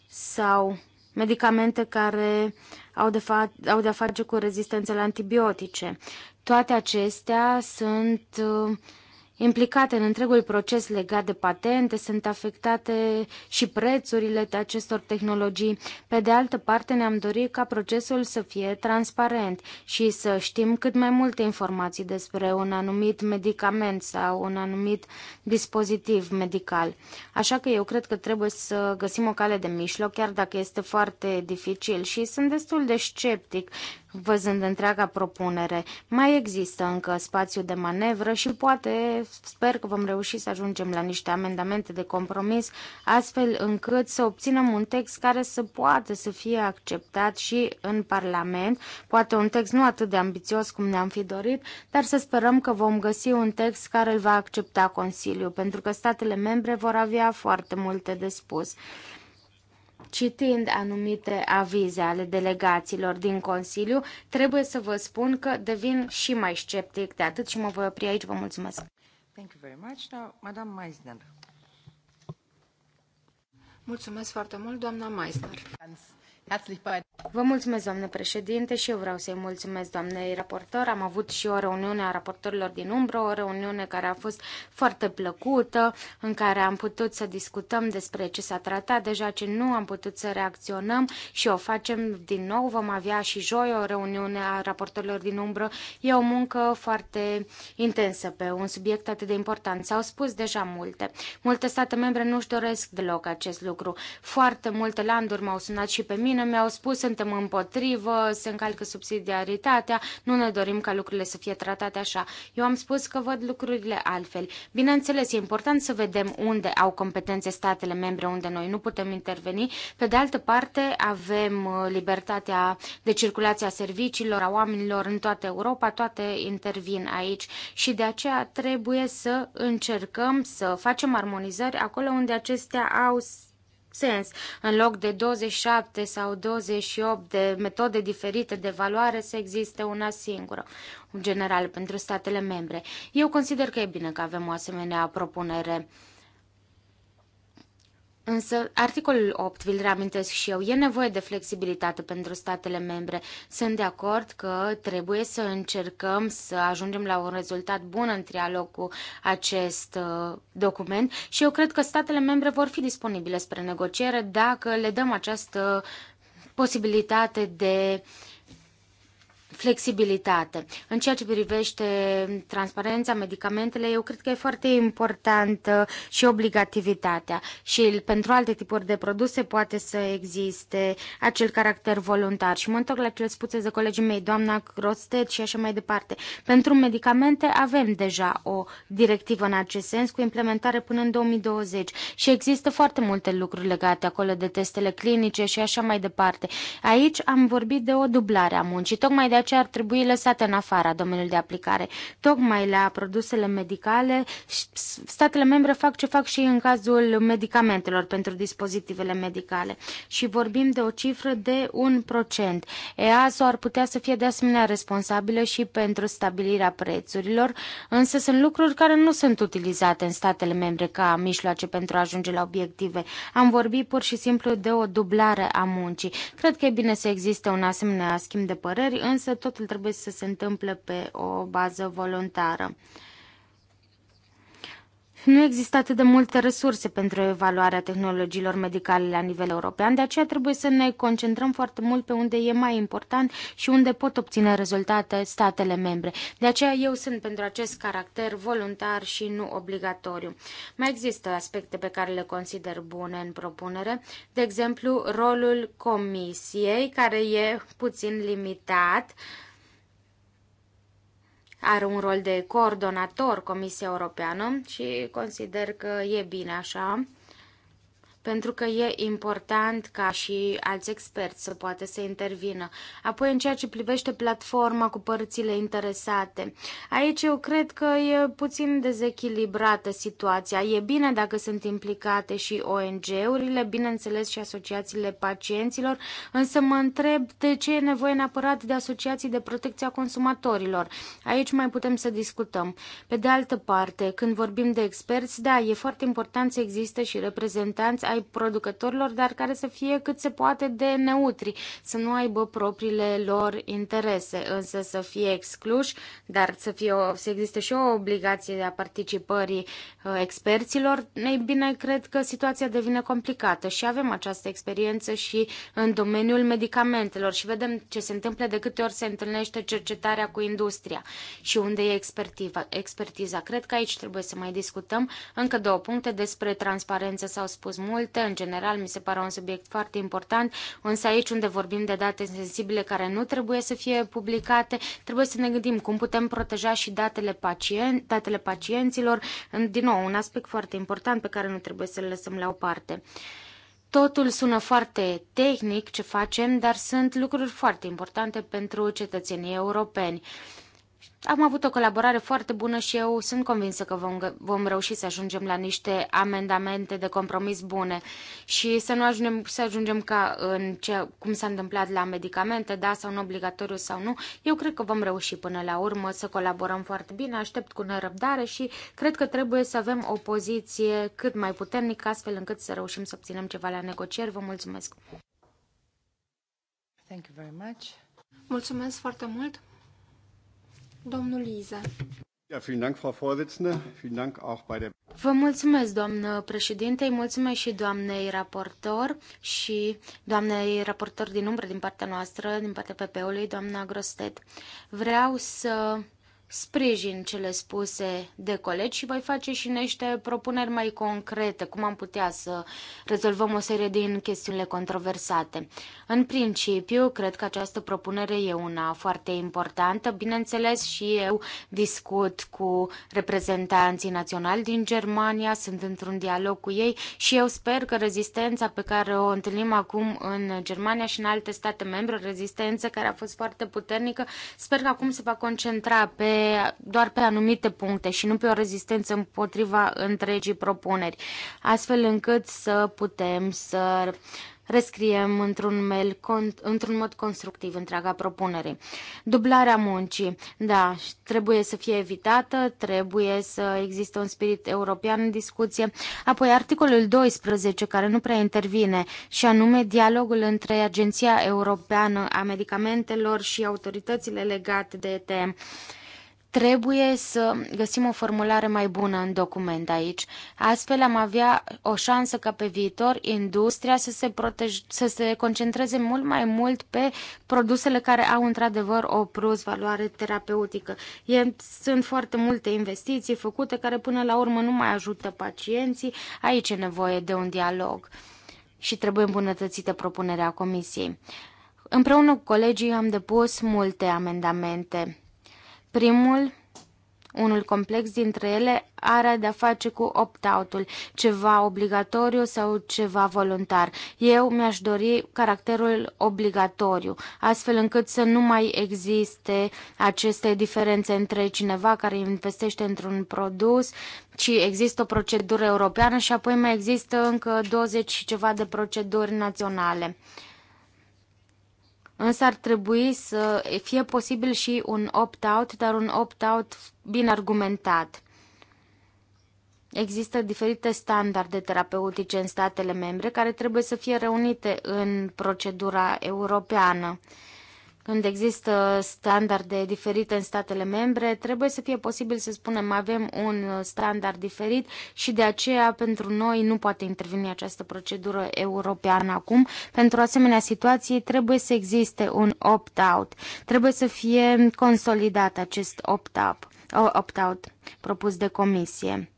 [SPEAKER 2] sau medicamente care au de, fa- au de a face cu rezistența la antibiotice. Toate acestea sunt uh, implicate în întregul proces legat de patente, sunt afectate și prețurile acestor tehnologii. Pe de altă parte, ne-am dorit ca procesul să fie transparent și să știm cât mai multe informații despre un anumit medicament sau un anumit dispozitiv medical. Așa că eu cred că trebuie să găsim o cale de mijloc, chiar dacă este foarte dificil și sunt destul de sceptic văzând întreaga propunere. Mai există încă spațiu de manevră și poate sper că vom reuși să ajungem la niște amendamente de compromis, astfel încât să obținem un text care să poată să fie acceptat și în Parlament, poate un text nu atât de ambițios cum ne-am fi dorit, dar să sperăm că vom găsi un text care îl va accepta Consiliul, pentru că statele membre vor avea foarte multe de spus. Citind anumite avize ale delegaților din Consiliu, trebuie să vă spun că devin și mai sceptic de atât și mă voi opri aici. Vă mulțumesc!
[SPEAKER 3] Thank you very much. Now, Madame Meisner.
[SPEAKER 2] Mulțumesc foarte mult, doamna Meisner. Vă mulțumesc, doamnă președinte, și eu vreau să-i mulțumesc doamnei raportor. Am avut și o reuniune a raportorilor din umbră, o reuniune care a fost foarte plăcută, în care am putut să discutăm despre ce s-a tratat, deja ce nu am putut să reacționăm și o facem din nou. Vom avea și joi o reuniune a raportorilor din umbră. E o muncă foarte intensă pe un subiect atât de important. S-au spus deja multe. Multe state membre nu-și doresc deloc acest lucru. Foarte multe landuri m-au sunat și pe mine vină, mi-au spus suntem împotrivă, se încalcă subsidiaritatea, nu ne dorim ca lucrurile să fie tratate așa. Eu am spus că văd lucrurile altfel. Bineînțeles, e important să vedem unde au competențe statele membre, unde noi nu putem interveni. Pe de altă parte, avem uh, libertatea de circulație a serviciilor, a oamenilor în toată Europa, toate intervin aici și de aceea trebuie să încercăm să facem armonizări acolo unde acestea au sens. În loc de 27 sau 28 de metode diferite de evaluare, să existe una singură, general pentru statele membre. Eu consider că e bine că avem o asemenea propunere. Însă, articolul 8, vi-l reamintesc și eu, e nevoie de flexibilitate pentru statele membre. Sunt de acord că trebuie să încercăm să ajungem la un rezultat bun în trialog cu acest uh, document și eu cred că statele membre vor fi disponibile spre negociere dacă le dăm această posibilitate de uh, flexibilitate. În ceea ce privește transparența, medicamentele, eu cred că e foarte importantă și obligativitatea și pentru alte tipuri de produse poate să existe acel caracter voluntar. Și mă întorc la cele spuse de colegii mei, doamna Crosted și așa mai departe. Pentru medicamente avem deja o directivă în acest sens cu implementare până în 2020 și există foarte multe lucruri legate acolo de testele clinice și așa mai departe. Aici am vorbit de o dublare a muncii. Tocmai de ce ar trebui lăsate în afara domeniului de aplicare. Tocmai la produsele medicale, statele membre fac ce fac și în cazul medicamentelor pentru dispozitivele medicale. Și vorbim de o cifră de 1%. EASO ar putea să fie de asemenea responsabilă și pentru stabilirea prețurilor, însă sunt lucruri care nu sunt utilizate în statele membre ca mijloace pentru a ajunge la obiective. Am vorbit pur și simplu de o dublare a muncii. Cred că e bine să existe un asemenea schimb de păreri, însă totul trebuie să se întâmple pe o bază voluntară. Nu există atât de multe resurse pentru evaluarea tehnologiilor medicale la nivel european, de aceea trebuie să ne concentrăm foarte mult pe unde e mai important și unde pot obține rezultate statele membre. De aceea eu sunt pentru acest caracter voluntar și nu obligatoriu. Mai există aspecte pe care le consider bune în propunere, de exemplu rolul comisiei, care e puțin limitat, uh, are un rol de coordonator Comisia Europeană și consider că e bine așa pentru că e important ca și alți experți să poată să intervină. Apoi, în ceea ce privește platforma cu părțile interesate, aici eu cred că e puțin dezechilibrată situația. E bine dacă sunt implicate și ONG-urile, bineînțeles și asociațiile pacienților, însă mă întreb de ce e nevoie neapărat de asociații de protecție a consumatorilor. Aici mai putem să discutăm. Pe de altă parte, când vorbim de experți, da, e foarte important să existe și reprezentanți ai ai producătorilor, dar care să fie cât se poate de neutri, să nu aibă propriile lor interese, însă să fie excluși, dar să, fie o, să existe și o obligație de a participării uh, experților, ei bine, cred că situația devine complicată și avem această experiență și în domeniul medicamentelor și vedem ce se întâmplă de câte ori se întâlnește cercetarea cu industria și unde e expertiza. Cred că aici trebuie să mai discutăm încă două puncte despre transparență s-au spus mult alte. În general, mi se pare un subiect foarte important, însă aici unde vorbim de date sensibile care nu trebuie să fie publicate, trebuie să ne gândim cum putem proteja și datele, pacien- datele pacienților. Din nou, un aspect foarte important pe care nu trebuie să-l lăsăm la o parte. Totul sună foarte tehnic ce facem, dar sunt lucruri foarte importante pentru cetățenii europeni. Am avut o colaborare foarte bună și eu sunt convinsă că vom, vom reuși să ajungem la niște amendamente de compromis bune și să nu ajungem, să ajungem ca în ce, cum s-a întâmplat la medicamente, da sau nu obligatoriu sau nu. Eu cred că vom reuși până la urmă să colaborăm foarte bine, aștept cu nerăbdare și cred că trebuie să avem o poziție cât mai puternică astfel încât să reușim să obținem ceva la negocieri. Vă mulțumesc!
[SPEAKER 3] Thank you very much.
[SPEAKER 2] Mulțumesc foarte mult! Domnul Liza. Vă mulțumesc, doamnă președinte, îi mulțumesc și doamnei raportor și doamnei raportor din umbră din partea noastră, din partea PP-ului, doamna Grosted. Vreau să sprijin cele spuse de colegi și voi face și niște propuneri mai concrete, cum am putea să rezolvăm o serie din chestiunile controversate. În principiu, cred că această propunere e una foarte importantă. Bineînțeles, și eu discut cu reprezentanții naționali din Germania, sunt într-un dialog cu ei și eu sper că rezistența pe care o întâlnim acum în Germania și în alte state membre, rezistență care a fost foarte puternică, sper că acum se va concentra pe doar pe anumite puncte și nu pe o rezistență împotriva întregii propuneri, astfel încât să putem să rescriem într-un, mail, într-un mod constructiv întreaga propunere. Dublarea muncii, da, trebuie să fie evitată, trebuie să existe un spirit european în discuție. Apoi articolul 12, care nu prea intervine, și anume dialogul între Agenția Europeană a Medicamentelor și autoritățile legate de ETM. Trebuie să găsim o formulare mai bună în document aici. Astfel am avea o șansă ca pe viitor industria să se, protej- să se concentreze mult mai mult pe produsele care au într-adevăr o plus valoare terapeutică. E, sunt foarte multe investiții făcute care până la urmă nu mai ajută pacienții. Aici e nevoie de un dialog și trebuie îmbunătățită propunerea comisiei. Împreună cu colegii am depus multe amendamente Primul, unul complex dintre ele, are de-a face cu opt-out-ul, ceva obligatoriu sau ceva voluntar. Eu mi-aș dori caracterul obligatoriu, astfel încât să nu mai existe aceste diferențe între cineva care investește într-un produs, ci există o procedură europeană și apoi mai există încă 20 și ceva de proceduri naționale. Însă ar trebui să fie posibil și un opt-out, dar un opt-out bine argumentat. Există diferite standarde terapeutice în statele membre care trebuie să fie reunite în procedura europeană când există standarde diferite în statele membre, trebuie să fie posibil să spunem avem un standard diferit și de aceea pentru noi nu poate interveni această procedură europeană acum. Pentru asemenea situații trebuie să existe un opt-out, trebuie să fie consolidat acest opt-out opt propus de comisie.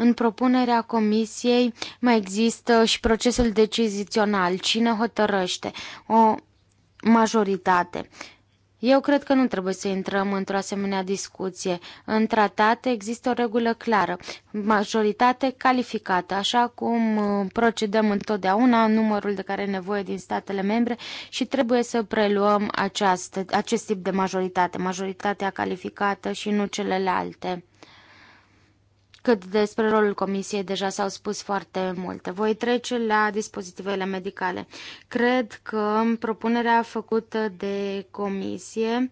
[SPEAKER 2] În propunerea comisiei mai există și procesul decizional. Cine hotărăște? O majoritate. Eu cred că nu trebuie să intrăm într-o asemenea discuție. În tratate există o regulă clară, majoritate calificată, așa cum uh, procedăm întotdeauna, numărul de care e nevoie din statele membre și trebuie să preluăm această, acest tip de majoritate, majoritatea calificată și nu celelalte cât despre rolul comisiei deja s-au spus foarte multe. Voi trece la dispozitivele medicale. Cred că propunerea făcută de comisie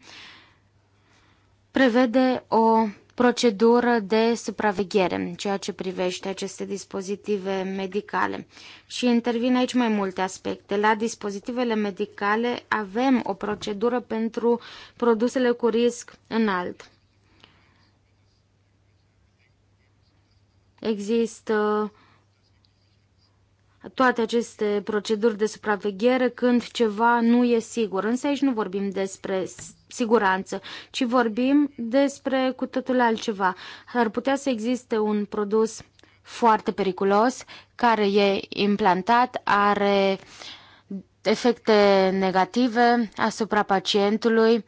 [SPEAKER 2] prevede o procedură de supraveghere în ceea ce privește aceste dispozitive medicale. Și intervin aici mai multe aspecte. La dispozitivele medicale avem o procedură pentru produsele cu risc înalt. există toate aceste proceduri de supraveghere când ceva nu e sigur. Însă aici nu vorbim despre siguranță, ci vorbim despre cu totul altceva. Ar putea să existe un produs foarte periculos care e implantat, are efecte negative asupra pacientului,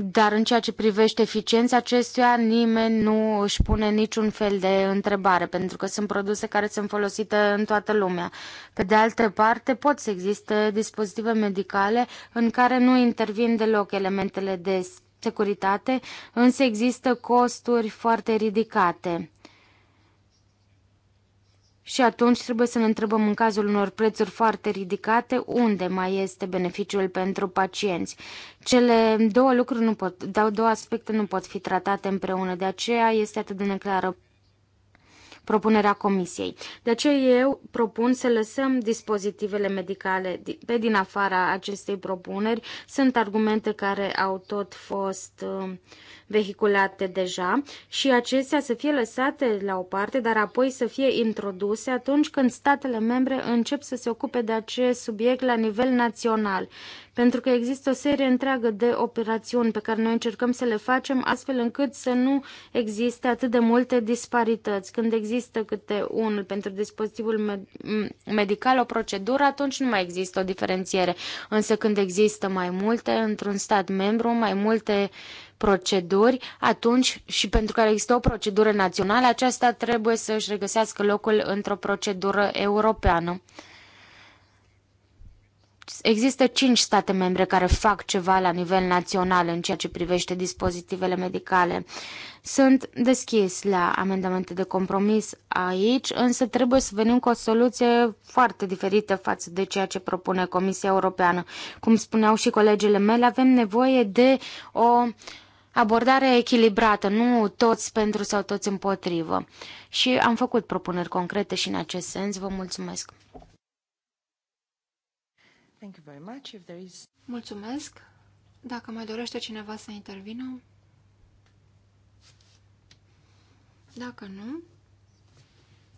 [SPEAKER 2] dar în ceea ce privește eficiența acestuia, nimeni nu își pune niciun fel de întrebare, pentru că sunt produse care sunt folosite în toată lumea. Pe de altă parte, pot să existe dispozitive medicale în care nu intervin deloc elementele de securitate, însă există costuri foarte ridicate. Și atunci trebuie să ne întrebăm în cazul unor prețuri foarte ridicate unde mai este beneficiul pentru pacienți. Cele două lucruri nu pot, două aspecte nu pot fi tratate împreună, de aceea este atât de neclară propunerea comisiei. De aceea eu propun să lăsăm dispozitivele medicale pe din afara acestei propuneri. Sunt argumente care au tot fost uh, vehiculate deja și acestea să fie lăsate la o parte, dar apoi să fie introduse atunci când statele membre încep să se ocupe de acest subiect la nivel național. Pentru că există o serie întreagă de operațiuni pe care noi încercăm să le facem astfel încât să nu existe atât de multe disparități. Când există câte unul pentru dispozitivul medical, o procedură, atunci nu mai există o diferențiere. Însă când există mai multe într-un stat membru, mai multe uh, proceduri, atunci și pentru care există o procedură națională, aceasta trebuie să își regăsească locul într-o procedură europeană. Există cinci state membre care fac ceva la nivel național în ceea ce privește dispozitivele medicale. Sunt deschis la amendamente de compromis aici, însă trebuie să venim cu o soluție foarte diferită față de ceea ce propune Comisia Europeană. Cum spuneau și colegele mele, avem nevoie de o uh, abordare echilibrată, nu toți pentru sau toți împotrivă. Și am făcut propuneri concrete și în acest sens. Vă mulțumesc!
[SPEAKER 3] Mulțumesc! Dacă mai dorește cineva să intervină? Dacă nu,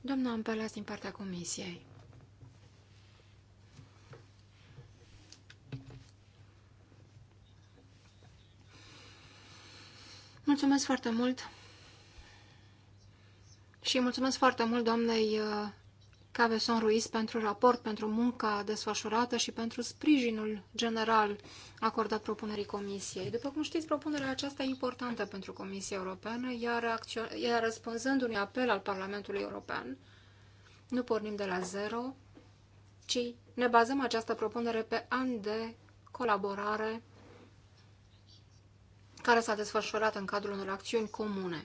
[SPEAKER 3] doamna Ampelas din partea comisiei. Mulțumesc foarte mult și mulțumesc foarte mult doamnei uh, Caveson Ruiz pentru raport, pentru munca desfășurată și pentru sprijinul general acordat propunerii Comisiei. După cum știți, propunerea aceasta e importantă pentru Comisia Europeană, iar, iar răspunzând unui apel al Parlamentului European, nu pornim de la zero, ci ne bazăm această propunere pe ani de colaborare care s-a desfășurat în cadrul unor acțiuni comune.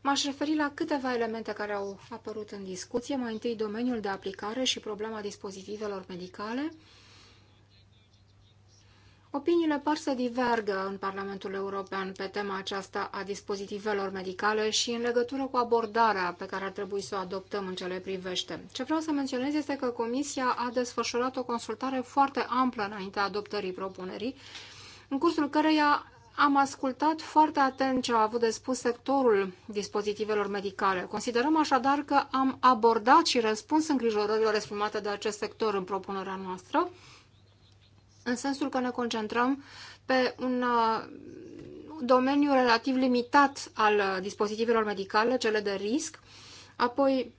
[SPEAKER 3] M-aș referi la câteva elemente care au apărut în discuție, mai întâi domeniul de aplicare și problema dispozitivelor medicale. Opiniile par să divergă în Parlamentul European pe tema aceasta a dispozitivelor medicale și în legătură cu abordarea pe care ar trebui să o adoptăm în cele privește. Ce vreau să menționez este că Comisia a desfășurat o consultare foarte amplă înaintea adoptării propunerii, în cursul căreia am ascultat foarte atent ce a avut de spus sectorul dispozitivelor medicale. Considerăm așadar că am abordat și răspuns îngrijorărilor exprimate de acest sector în propunerea noastră, în sensul că ne concentrăm pe un uh, domeniu relativ limitat al uh, dispozitivelor medicale, cele de risc, apoi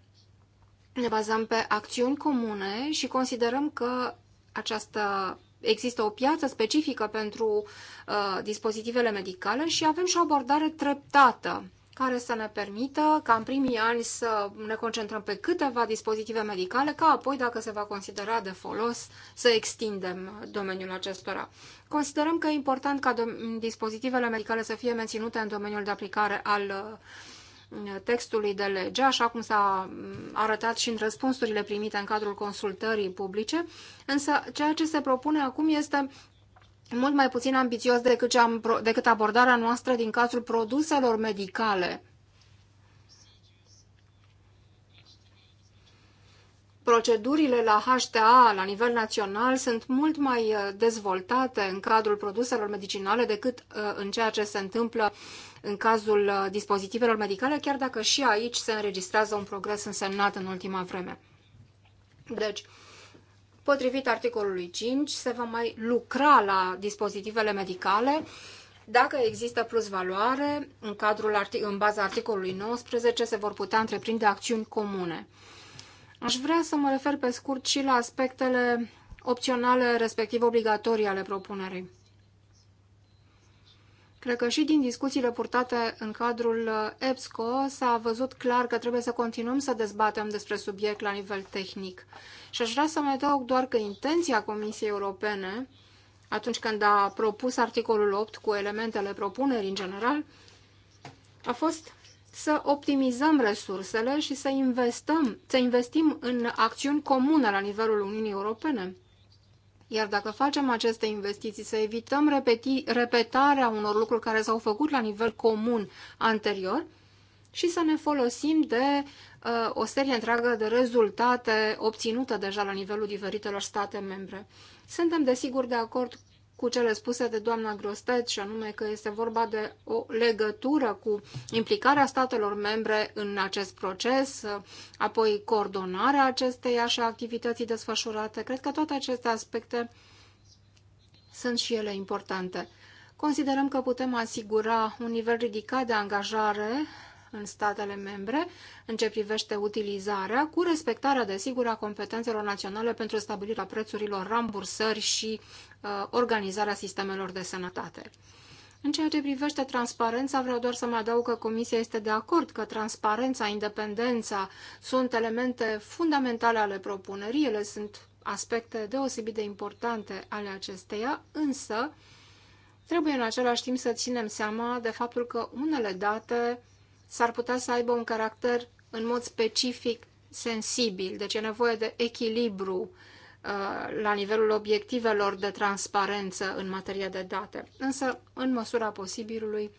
[SPEAKER 3] ne bazăm pe acțiuni comune și considerăm că această există o piață specifică pentru uh, dispozitivele medicale și avem și o abordare treptată care să ne permită ca în primii ani să ne concentrăm pe câteva dispozitive medicale, ca apoi, dacă se va considera de folos, să extindem domeniul acestora. Considerăm că e important ca dispozitivele medicale să fie menținute în domeniul de aplicare al uh, textului de lege, așa cum s-a mm, arătat și în răspunsurile primite în cadrul consultării publice, însă ceea ce se propune acum este mult mai puțin ambițios decât, ce am, decât abordarea noastră din cazul produselor medicale Procedurile la HTA la nivel național sunt mult mai uh, dezvoltate în cadrul produselor medicinale decât uh, în ceea ce se întâmplă în cazul uh, dispozitivelor medicale, chiar dacă și aici se înregistrează un progres însemnat în ultima vreme. Deci, potrivit articolului 5, se va mai lucra la dispozitivele medicale dacă există plus valoare, în, cadrul, în baza articolului 19 se vor putea întreprinde acțiuni comune. Aș vrea să mă refer pe scurt și la aspectele opționale, respectiv obligatorii ale propunerii. Cred că și din discuțiile purtate în cadrul EBSCO s-a văzut clar că trebuie să continuăm să dezbatem despre subiect la nivel tehnic. Și aș vrea să mai adaug doar că intenția Comisiei Europene, atunci când a propus articolul 8 cu elementele propunerii în general, a fost să optimizăm resursele și să, investăm, să investim în acțiuni comune la nivelul Uniunii Europene. Iar dacă facem aceste investiții, să evităm repeti, repetarea unor lucruri care s-au făcut la nivel comun anterior și să ne folosim de uh, o serie întreagă de rezultate obținute deja la nivelul diferitelor state membre. Suntem desigur de acord cu cele spuse de doamna Grostet, și anume că este vorba de o legătură cu implicarea statelor membre în acest proces, apoi coordonarea acesteia și a activității desfășurate. Cred că toate aceste aspecte sunt și ele importante. Considerăm că putem asigura un nivel ridicat de angajare în statele membre în ce privește utilizarea, cu respectarea, desigur, a competențelor naționale pentru stabilirea prețurilor, rambursări și uh, organizarea sistemelor de sănătate. În ceea ce privește transparența, vreau doar să mă adaug că Comisia este de acord că transparența, independența sunt elemente fundamentale ale propunerii, ele sunt aspecte deosebit de importante ale acesteia, însă trebuie în același timp să ținem seama de faptul că unele date s-ar putea să aibă un caracter în mod specific sensibil, deci e nevoie de echilibru uh, la nivelul obiectivelor de transparență în materie de date. Însă, în măsura posibilului,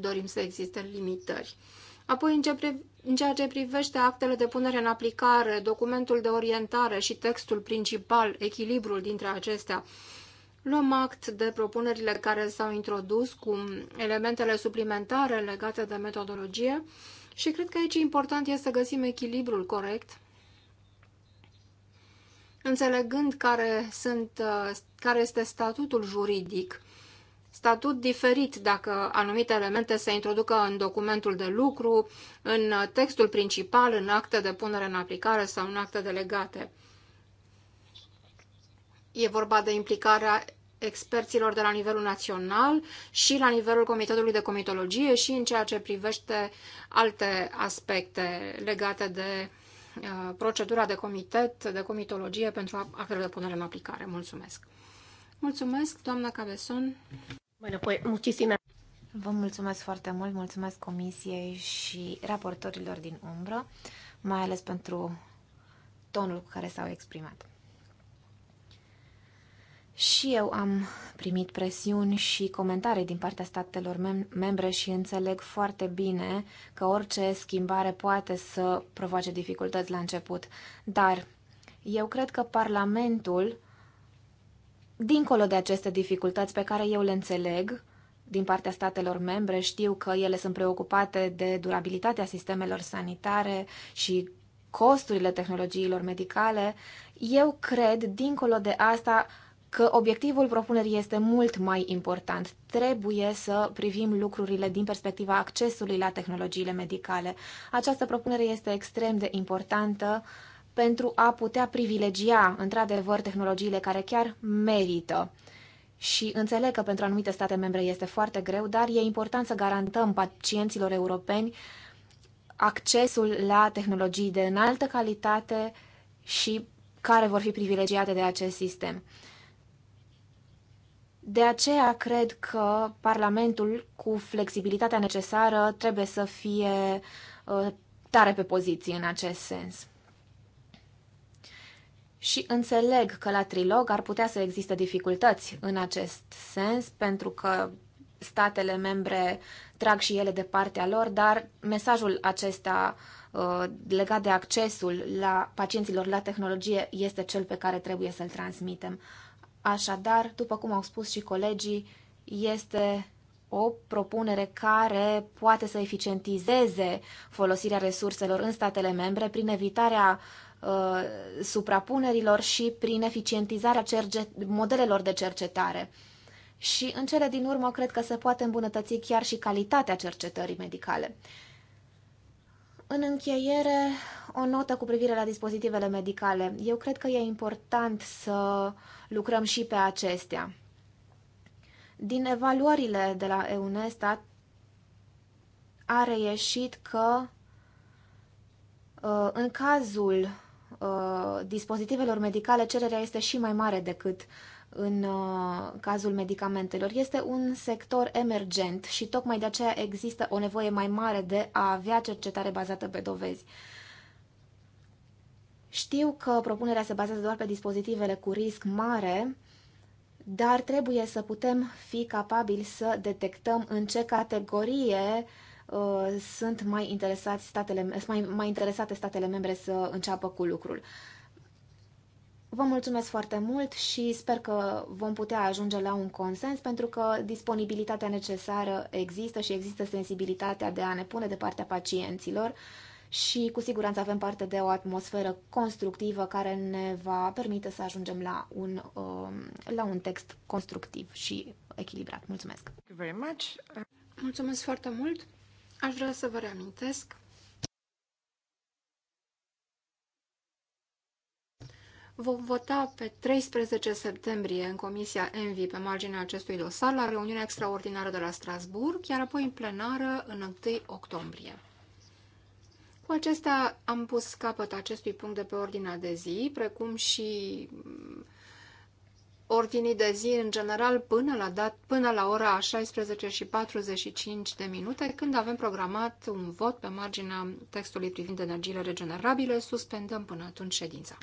[SPEAKER 3] dorim să existe limitări. Apoi, în, în ceea ce privește actele de punere în aplicare, documentul de orientare și textul principal, echilibrul dintre acestea, Luăm act de propunerile care s-au introdus cu elementele suplimentare legate de metodologie și cred că aici important este să găsim echilibrul corect, înțelegând care, sunt, care este statutul juridic, statut diferit dacă anumite elemente se introducă în documentul de lucru, în textul principal, în acte de punere în aplicare sau în acte delegate. E vorba de implicarea experților de la nivelul național și la nivelul Comitetului de Comitologie și în ceea ce privește alte aspecte legate de uh, procedura de comitet, de comitologie pentru actele de punere în aplicare. Mulțumesc! Mulțumesc, doamna Cabeson!
[SPEAKER 1] Bine, păi, muchisime. Vă mulțumesc foarte mult, mulțumesc comisiei și raportorilor din umbră, mai ales pentru tonul cu care s-au exprimat. Și eu am primit presiuni și comentarii din partea statelor mem- membre și înțeleg foarte bine că orice schimbare poate să provoace dificultăți la început. Dar eu cred că Parlamentul, dincolo de aceste dificultăți pe care eu le înțeleg, din partea statelor membre, știu că ele sunt preocupate de durabilitatea sistemelor sanitare și costurile tehnologiilor medicale. Eu cred, dincolo de asta, că obiectivul propunerii este mult mai important. Trebuie să privim lucrurile din perspectiva accesului la tehnologiile medicale. Această propunere este extrem de importantă pentru a putea privilegia, într-adevăr, tehnologiile care chiar merită. Și înțeleg că pentru anumite state membre este foarte greu, dar e important să garantăm pacienților europeni accesul la tehnologii de înaltă calitate și care vor fi privilegiate de acest sistem. De aceea cred că Parlamentul, cu flexibilitatea necesară, trebuie să fie uh, tare pe poziție în acest sens. Și înțeleg că la trilog ar putea să existe dificultăți în acest sens, pentru că statele membre trag și ele de partea lor, dar mesajul acesta uh, legat de accesul la pacienților la tehnologie este cel pe care trebuie să-l transmitem. Așadar, după cum au spus și colegii, este o propunere care poate să eficientizeze folosirea resurselor în statele membre prin evitarea uh, suprapunerilor și prin eficientizarea modelelor de cercetare. Și în cele din urmă, cred că se poate îmbunătăți chiar și calitatea cercetării medicale. În încheiere, o notă cu privire la dispozitivele medicale. Eu cred că e important să lucrăm și pe acestea. Din evaluările de la EUNESTA a reieșit că uh, în cazul uh, dispozitivelor medicale cererea este și mai mare decât în uh, cazul medicamentelor. Este un sector emergent și tocmai de aceea există o nevoie mai mare de a avea cercetare bazată pe dovezi. Știu că propunerea se bazează doar pe dispozitivele cu risc mare, dar trebuie să putem fi capabili să detectăm în ce categorie uh, sunt mai, interesați statele, mai, mai interesate statele membre să înceapă cu lucrul. Uh, Vă mulțumesc foarte mult și sper că vom putea ajunge la un consens pentru că disponibilitatea necesară există și există sensibilitatea de a ne pune de partea pacienților și cu siguranță avem parte de o atmosferă constructivă care ne va permite să ajungem la un, um, la un text constructiv și
[SPEAKER 3] echilibrat. Mulțumesc! Mulțumesc foarte mult! Aș vrea să vă reamintesc Vom vota pe 13 septembrie în Comisia ENVI pe marginea acestui dosar la reuniunea extraordinară de la Strasburg, iar apoi în plenară în 1 octombrie. Cu acestea am pus capăt acestui punct de pe ordinea de zi, precum și mm, ordinii de zi în general până la, dat, până la ora 16 și 45 de minute, când avem programat un vot pe marginea textului privind energiile regenerabile, suspendăm până atunci ședința.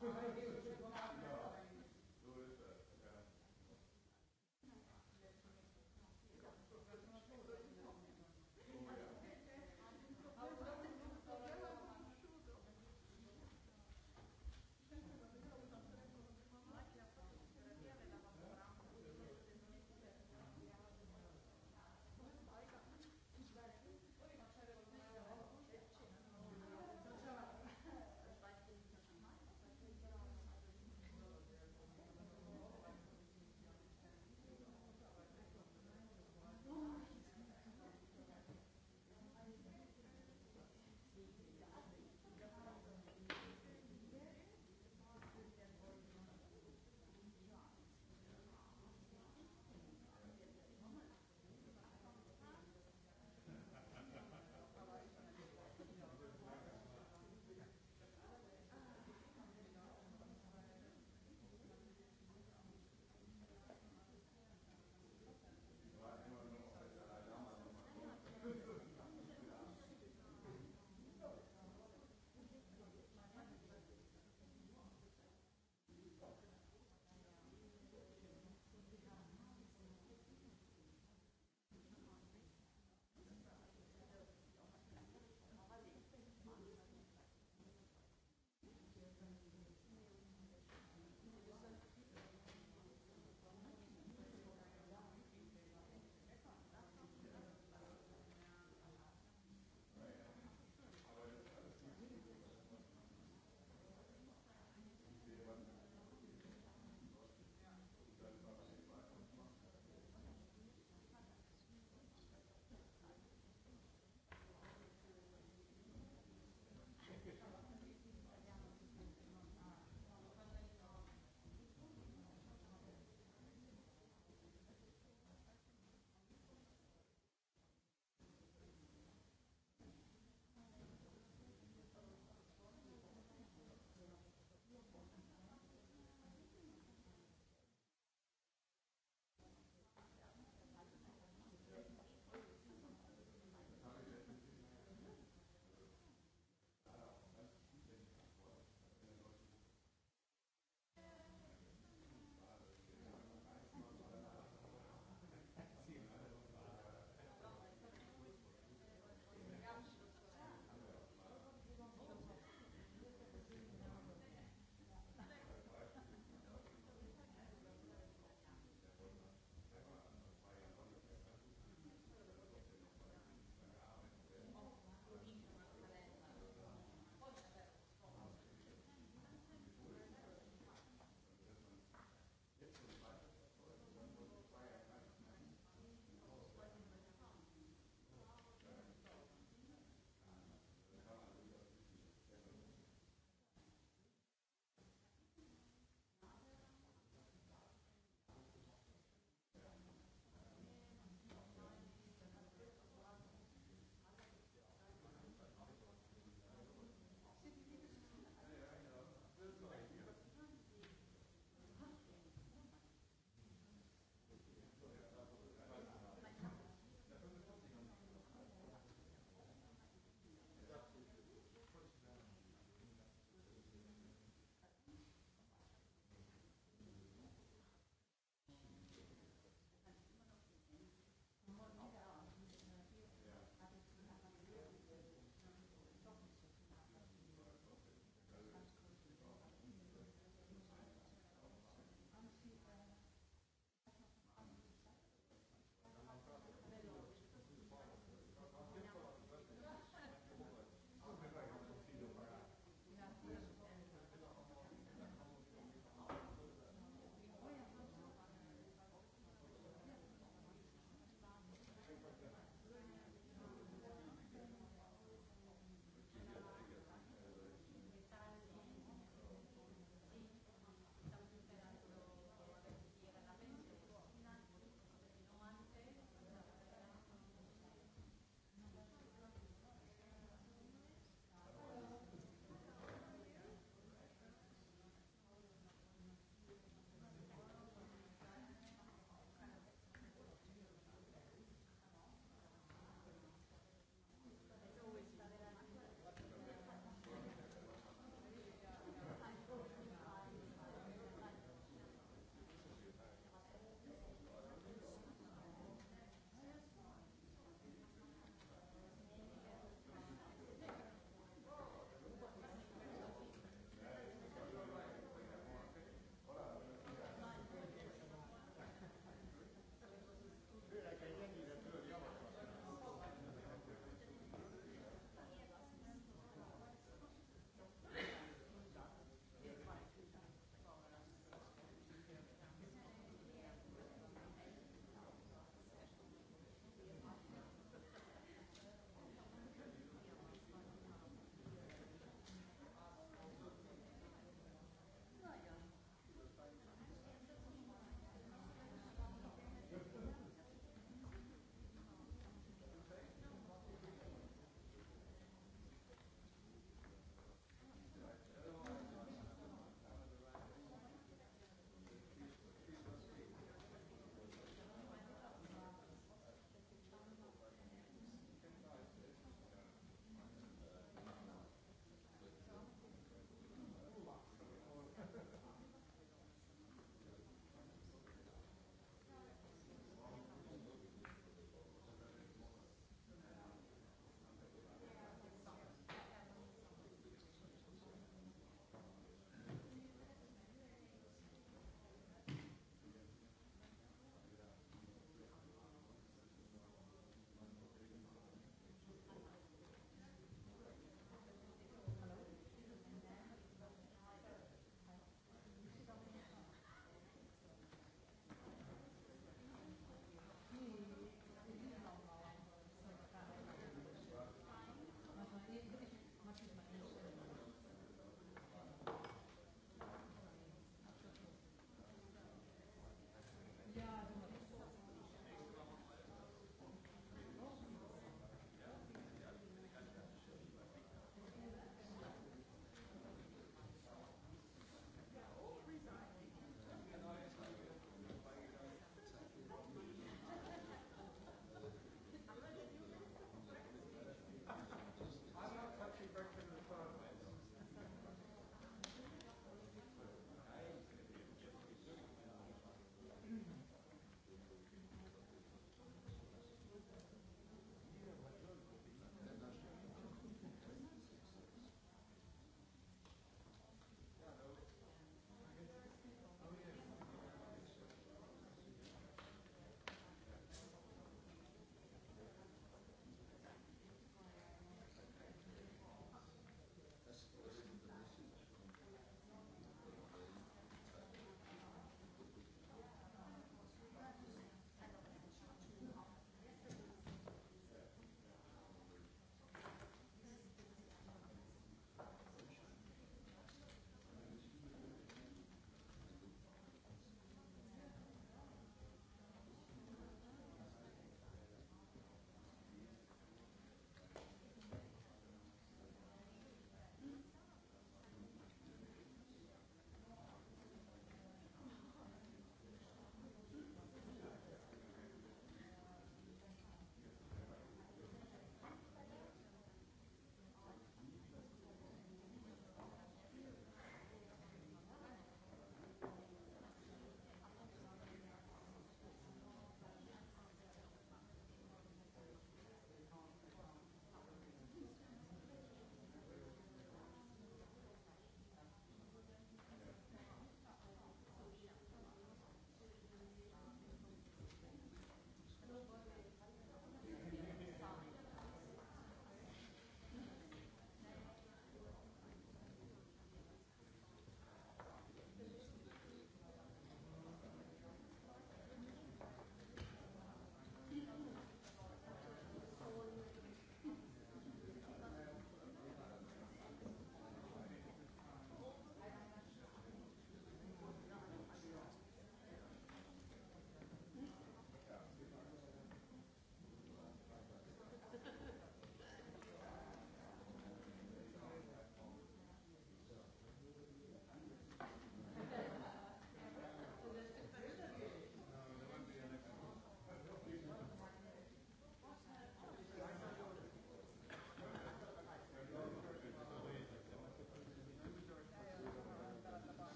[SPEAKER 3] Hai,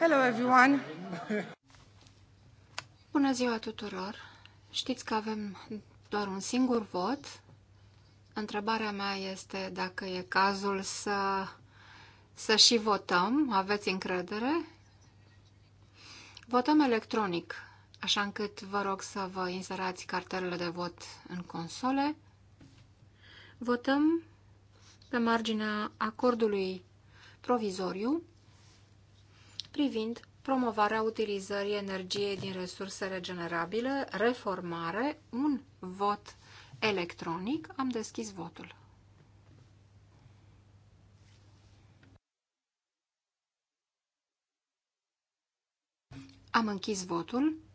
[SPEAKER 3] Hello everyone! Bună ziua tuturor! Știți că avem doar un singur vot. Întrebarea mea este dacă e cazul să, să și votăm. Aveți încredere? Votăm electronic, așa încât vă rog să vă inserați cartelele de vot în console. Votăm pe marginea acordului provizoriu privind promovarea utilizării energiei din resurse regenerabile, reformare, un vot electronic. Am deschis votul. Am închis votul.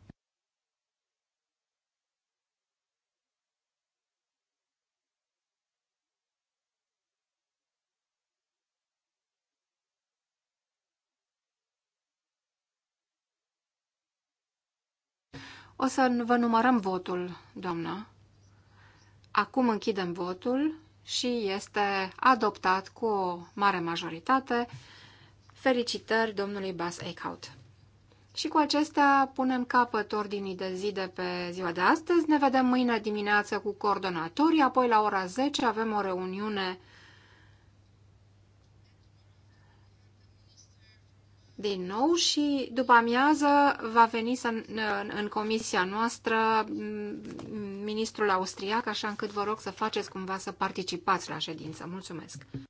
[SPEAKER 3] O să vă numărăm votul, doamnă. Acum închidem votul și este adoptat cu o mare majoritate. Felicitări domnului Bas Eichhout. Și cu acestea punem capăt ordinii de zi de pe ziua de astăzi. Ne vedem mâine dimineață cu coordonatorii, apoi la ora 10 avem o reuniune din nou și după amiază va veni să, în, în comisia noastră ministrul austriac, așa încât vă rog să faceți cumva să participați la ședință. Mulțumesc!